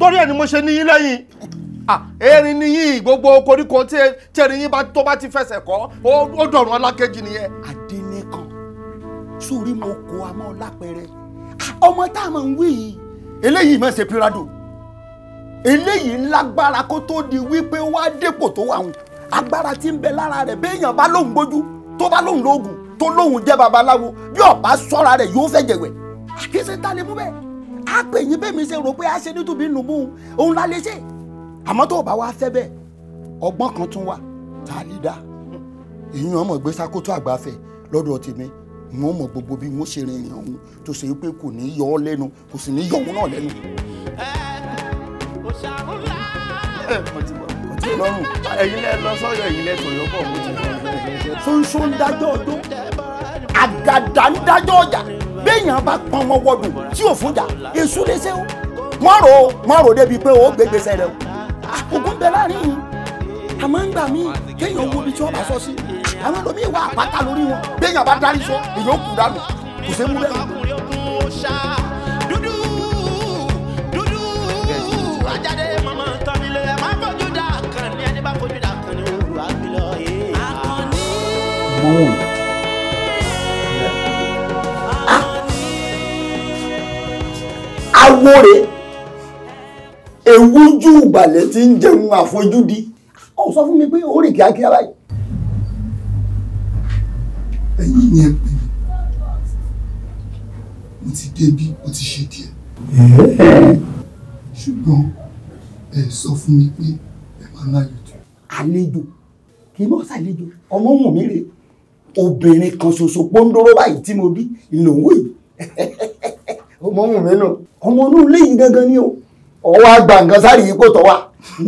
torí ẹ̀ ni mo ṣe níyín lẹ́yìn erin ni yín gbogbo koríko tí erin yín tó bá ti fẹsẹ̀ kọ́ ó dọ̀rùn ọlákejì nìyẹn. adẹnẹkan sórí mo kó amọ lápẹrẹ ọmọ tá a máa ń wí yìí eléyìí máa ṣe pírádò eléyìí lágbára kó tó di wípé wá dépò tó wà hùn agbára tí ń bẹ lára rẹ̀ béèyàn bá lóun gbójú tó bá lóun lóògùn tó lóun jẹ́ babaláwo bí ọba sọ́ra rẹ̀ yóò fẹ́ jẹ̀wẹ̀ àkíyèsí ta lè mú bẹ́ẹ̀ á yín bẹ́ẹ̀ mi ṣe rò pé a ṣe nítorí nùbù òun la lè ṣe àmọ́ tó o bá wá fẹ́ bẹ́ẹ̀ ọgbọ́n kan tún wà tá a lè dá èyí ọmọ gbé sákòtò àgbàfẹ́ lọ́dọ̀ tèmi mo mọ gbogbo bí mo ṣe rìnrìn ọ̀hún tó ṣe pé kò ní yọ ọ́ lẹ́nu kò sì ní yọ òun náà lẹ́nu. ẹ̀yin lẹ lọ sọ́yọ̀ ẹ̀yin lẹ tọ̀yọ̀ bọ̀ mo ti rọ̀. ṣóńṣó ń dájọ́ ọdún àgàdà ń dájọ́ ọjà béèyàn bá pọn wọn wọdùn tí ò fún jà èṣù lè ṣe ó wọ́n rò ó wọ́n rò ó débi pé ó gbégbèsè rẹ o ògùn bẹ láàrin àmọ́ ń gbà mí kéèyàn wo ibi tí wọ́n bá sọ sí àwọn ẹlòmíì wà àpáta lórí wọn béèyàn bá dárí sọ èyàn kù dànù kò sé mú lẹ́nu. dúdú dúdú ewújú ìgbàlẹ̀ tí ń jẹun àfojúdi ọ̀ sọ fún mi pé ó rè kíákíá báyìí. ẹ̀yin ni ẹ pè mí mo ti débí ó ti ṣe díẹ̀ ṣùgbọ́n ẹ sọ fún mi pé ẹ máa lálejò. àlejò kì í mọ̀ ṣàlejò ọmọ mọ̀ mí rè obìnrin kan ṣoṣo pọ́ńdóró báyìí tí mo bí ìlòwò yìí ọmọ mọ̀ mí náà ọmọ inú ilé gangan ni o ọwọ́ àgbà nǹkan sáré yìí kò tọ́ wà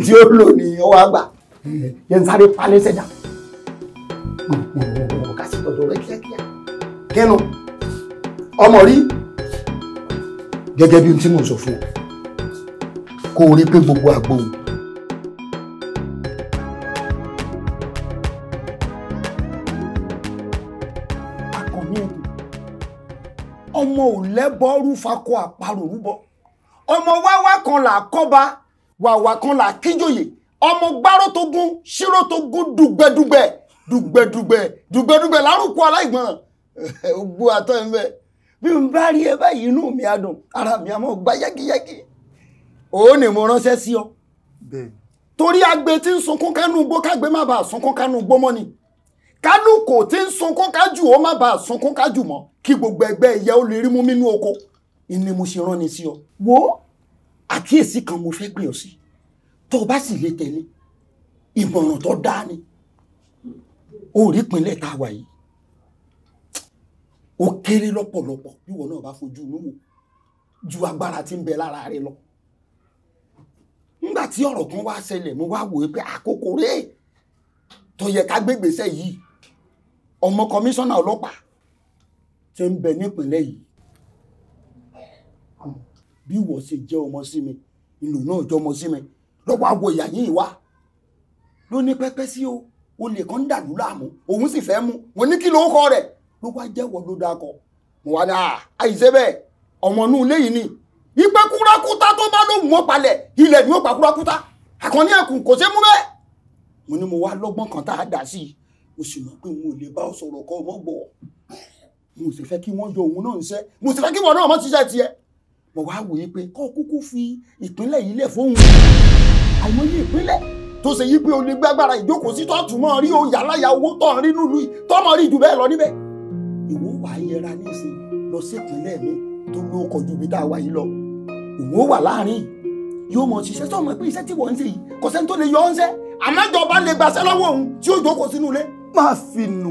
tí ó lò ní ọwọ́ àgbà yẹn ń sáré palẹ́ sẹ́jà ká sì tọ̀dọ̀ rẹ kíákíá kẹ́nu ọmọ rí gẹ́gẹ́ bí tí mò ń sọ fún ọ kó o rí pé gbogbo àgbo ọmọ ò lẹ́bọ́ rúfakọ àparò rúbọ ọmọ wáwá kan là kọ́ba wàwà kan là kíjòyè ọmọ gbárò tó gún ṣírò tó gún dùgbẹ́dùgbẹ́ dùgbẹ́dùgbẹ́ dùgbẹ́dùgbẹ́ lárúkọ aláìgbọ̀n ògbó àtọ́ ẹ̀ mẹ́ bí n bá rí ẹ báyìí inú mi á dùn ara mi á mọ̀ gbá yákiyáki òun ni mo ránṣẹ́ sí ọ torí agbe tí ń sunkún kánú gbó kágbe má bàa sunkún kánú gbó mọ́ ni kánú kò tí ń sunkún kájú ó má bàa sunkún kájú mọ́ kí gbogbo ẹgbẹ́ ìyá ó lè rí mú mínú oko ni mo ṣe rán ni sí ọ wo àkíyèsí kan mo fẹ́ pè ọ sí tó o bá sì lè tẹ̀lé ìmọ̀ràn tó dáa ni orí ìpínlẹ̀ tá a wà yìí ó kéré lọ́pọ̀lọpọ̀ bí wọn náà bá fojú inú wò ju agbára tí ń bẹ lára rẹ lọ nígbà tí ọ̀rọ̀ kan wá ṣẹlẹ̀ mo wá wòye pé àkókò rèé tó yẹ ká gbégbèsẹ̀ yìí ọmọ kọmíṣánná ọlọ́pàá ti ń bẹ nípìnlẹ̀ yìí bí ìwọ ṣe jẹ́ ọmọ sí mi ìlú náà jọ ọmọ sí mi lọ́wọ́ àwọ̀ ìyá yín wá ló ní pẹ́pẹ́ sí o olè kan ń dàlú láàmú òun sì fẹ́ mú mo ní kí ló kọ rẹ̀ ló wá jẹ́wọ́ ló dakọ̀ mo wá dà àìṣe bẹ́ẹ̀ ọmọ inú ilé yìí ni ìpè kúrakúta tó bá lóhùn wọn palẹ̀ ilẹ̀ ni ó pa kúrakúta àkànní ẹ̀kún kò ṣe mú bẹ́ẹ̀ mo ní mo wá lọ́gbọ́n kan tá a dà sí i mo sì mọ̀ pé mo lè bá ọ sọ̀rọ̀ kọ́ ọmọ gbọ́ mo sì fẹ́ kí wọ́n yọ òun náà ṣẹ́ mo sì fẹ́ kí wọ́n náà mọ́ ṣiṣẹ́ tiẹ̀ mo wá wòye pé kọ́ kúkú fi ìpínlẹ̀ yìí lẹ̀ fóun àìmọye ìpínlẹ̀ tó ṣe yí pé o lè gbàgbára ìjókòó sí tọ́tù mọ́ rí oyà láyà owó tọ́ rí nílùú yìí tọ́mọ rí jù bẹ́ẹ̀ lọ níbẹ̀ ìwọ wà á yẹra nísìnyí lọ sí ìpínlẹ̀ mi tó ló kọjú ibi tá a wà yìí lọ ìwọ wà láàrin yóò mọ̀ ṣiṣẹ́ sọ́mọ pé iṣẹ́ tí wọ́n ń ṣe yìí kò sẹ́ni tó lè yọ ọ́ ń ṣẹ́ àmọ́jọba lè gbàṣẹ́ lọ́wọ́ òun tí ó jókòó sínú ilé. má fi nù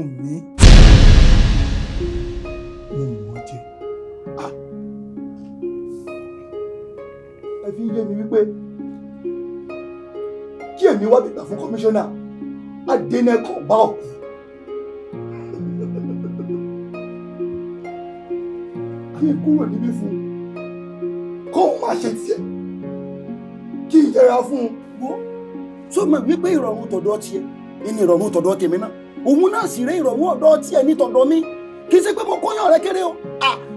fi ń yé mi wípé kí èmi wá gbígbà fún kọmíṣánná adẹnẹkọ bá òkú. kí n kúrò níbí fún un kó o má ṣe tiẹ̀ kí n yẹra fún un. wo sọ ma wípé ìrọ̀rùn tọ̀dọ̀ tiẹ̀ ní ìrọ̀rùn tọ̀dọ̀ tèmi náà òun náà sì rẹ ìrọ̀rùn ọ̀dọ̀ tiẹ̀ ní tọ̀dọ̀ mi kì í ṣe pé mo kóyàn rẹ kéré o.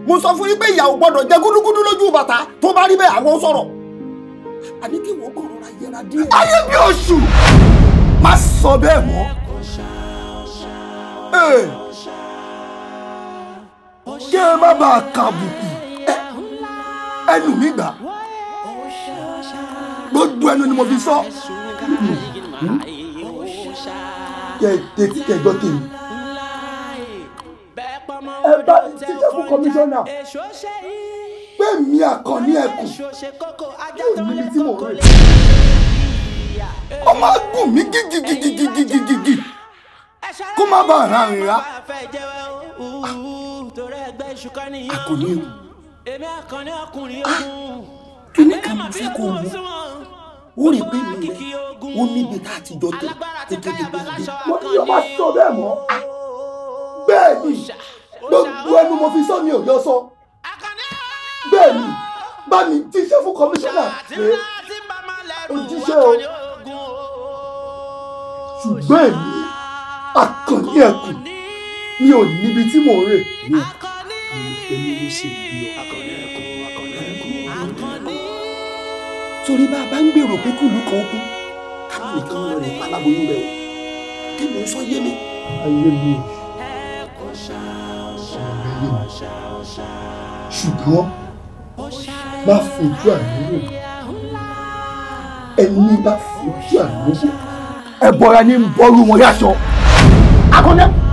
mo sọ fún yín pé ìyàwó gbọ́dọ̀ jẹ gúdúgúdú lójú bàtà tó bá rí bẹ́ẹ̀ àwọn sọ̀rọ̀ àní kí wọ́n kàn rọra yẹra díẹ̀. ayé bí oṣù má sọ bẹ́ẹ̀ mọ́. kí ẹ má bàa kàbùkù ẹnu mi gbà gbogbo ẹnu ni mo fi sọ. kẹ tètè kẹ tèmi ẹ bá títí fún kọmíṣánná pé mi àkànní ẹkùn yóò níbi tí mò ń rè kó máa gùn mí gígígígígígígí kó má bàa ra ìra àkànní ewu kíní kan mo fẹ́ kó o ó rí pé mi rẹ̀ ó níbi tá a ti jọ tẹ̀ gẹ́gẹ́gẹ́gẹ́ mo ní yọ máa sọ bẹ́ẹ̀ mọ́ ah, bẹ́ẹ̀ ni gbogbo ẹnu mo fi sọ mi ò yọ sọ bẹ́ẹ̀ ni bá mi jíṣẹ́ fún kọmíṣánná pé òjíṣẹ́ o ṣùgbọ́n èmi akànní ẹ̀kùn mi ò níbi tí mò ń rè. èmi ló sì bí ọ akànní ẹ̀kùn akànní ẹ̀kùn. torí bá a bá ń gbèrò pé kùlù kan kú káwọn nìkan lọ rè aláboyún rẹ o kí ló ń sọ yé mi. ayé mi ṣùgbọ́n má fojú àníwò ẹni bá fojú àníwò ẹ̀bọ̀ra ni ń bọ́rú wọn yàtọ̀ akọ́nẹ́.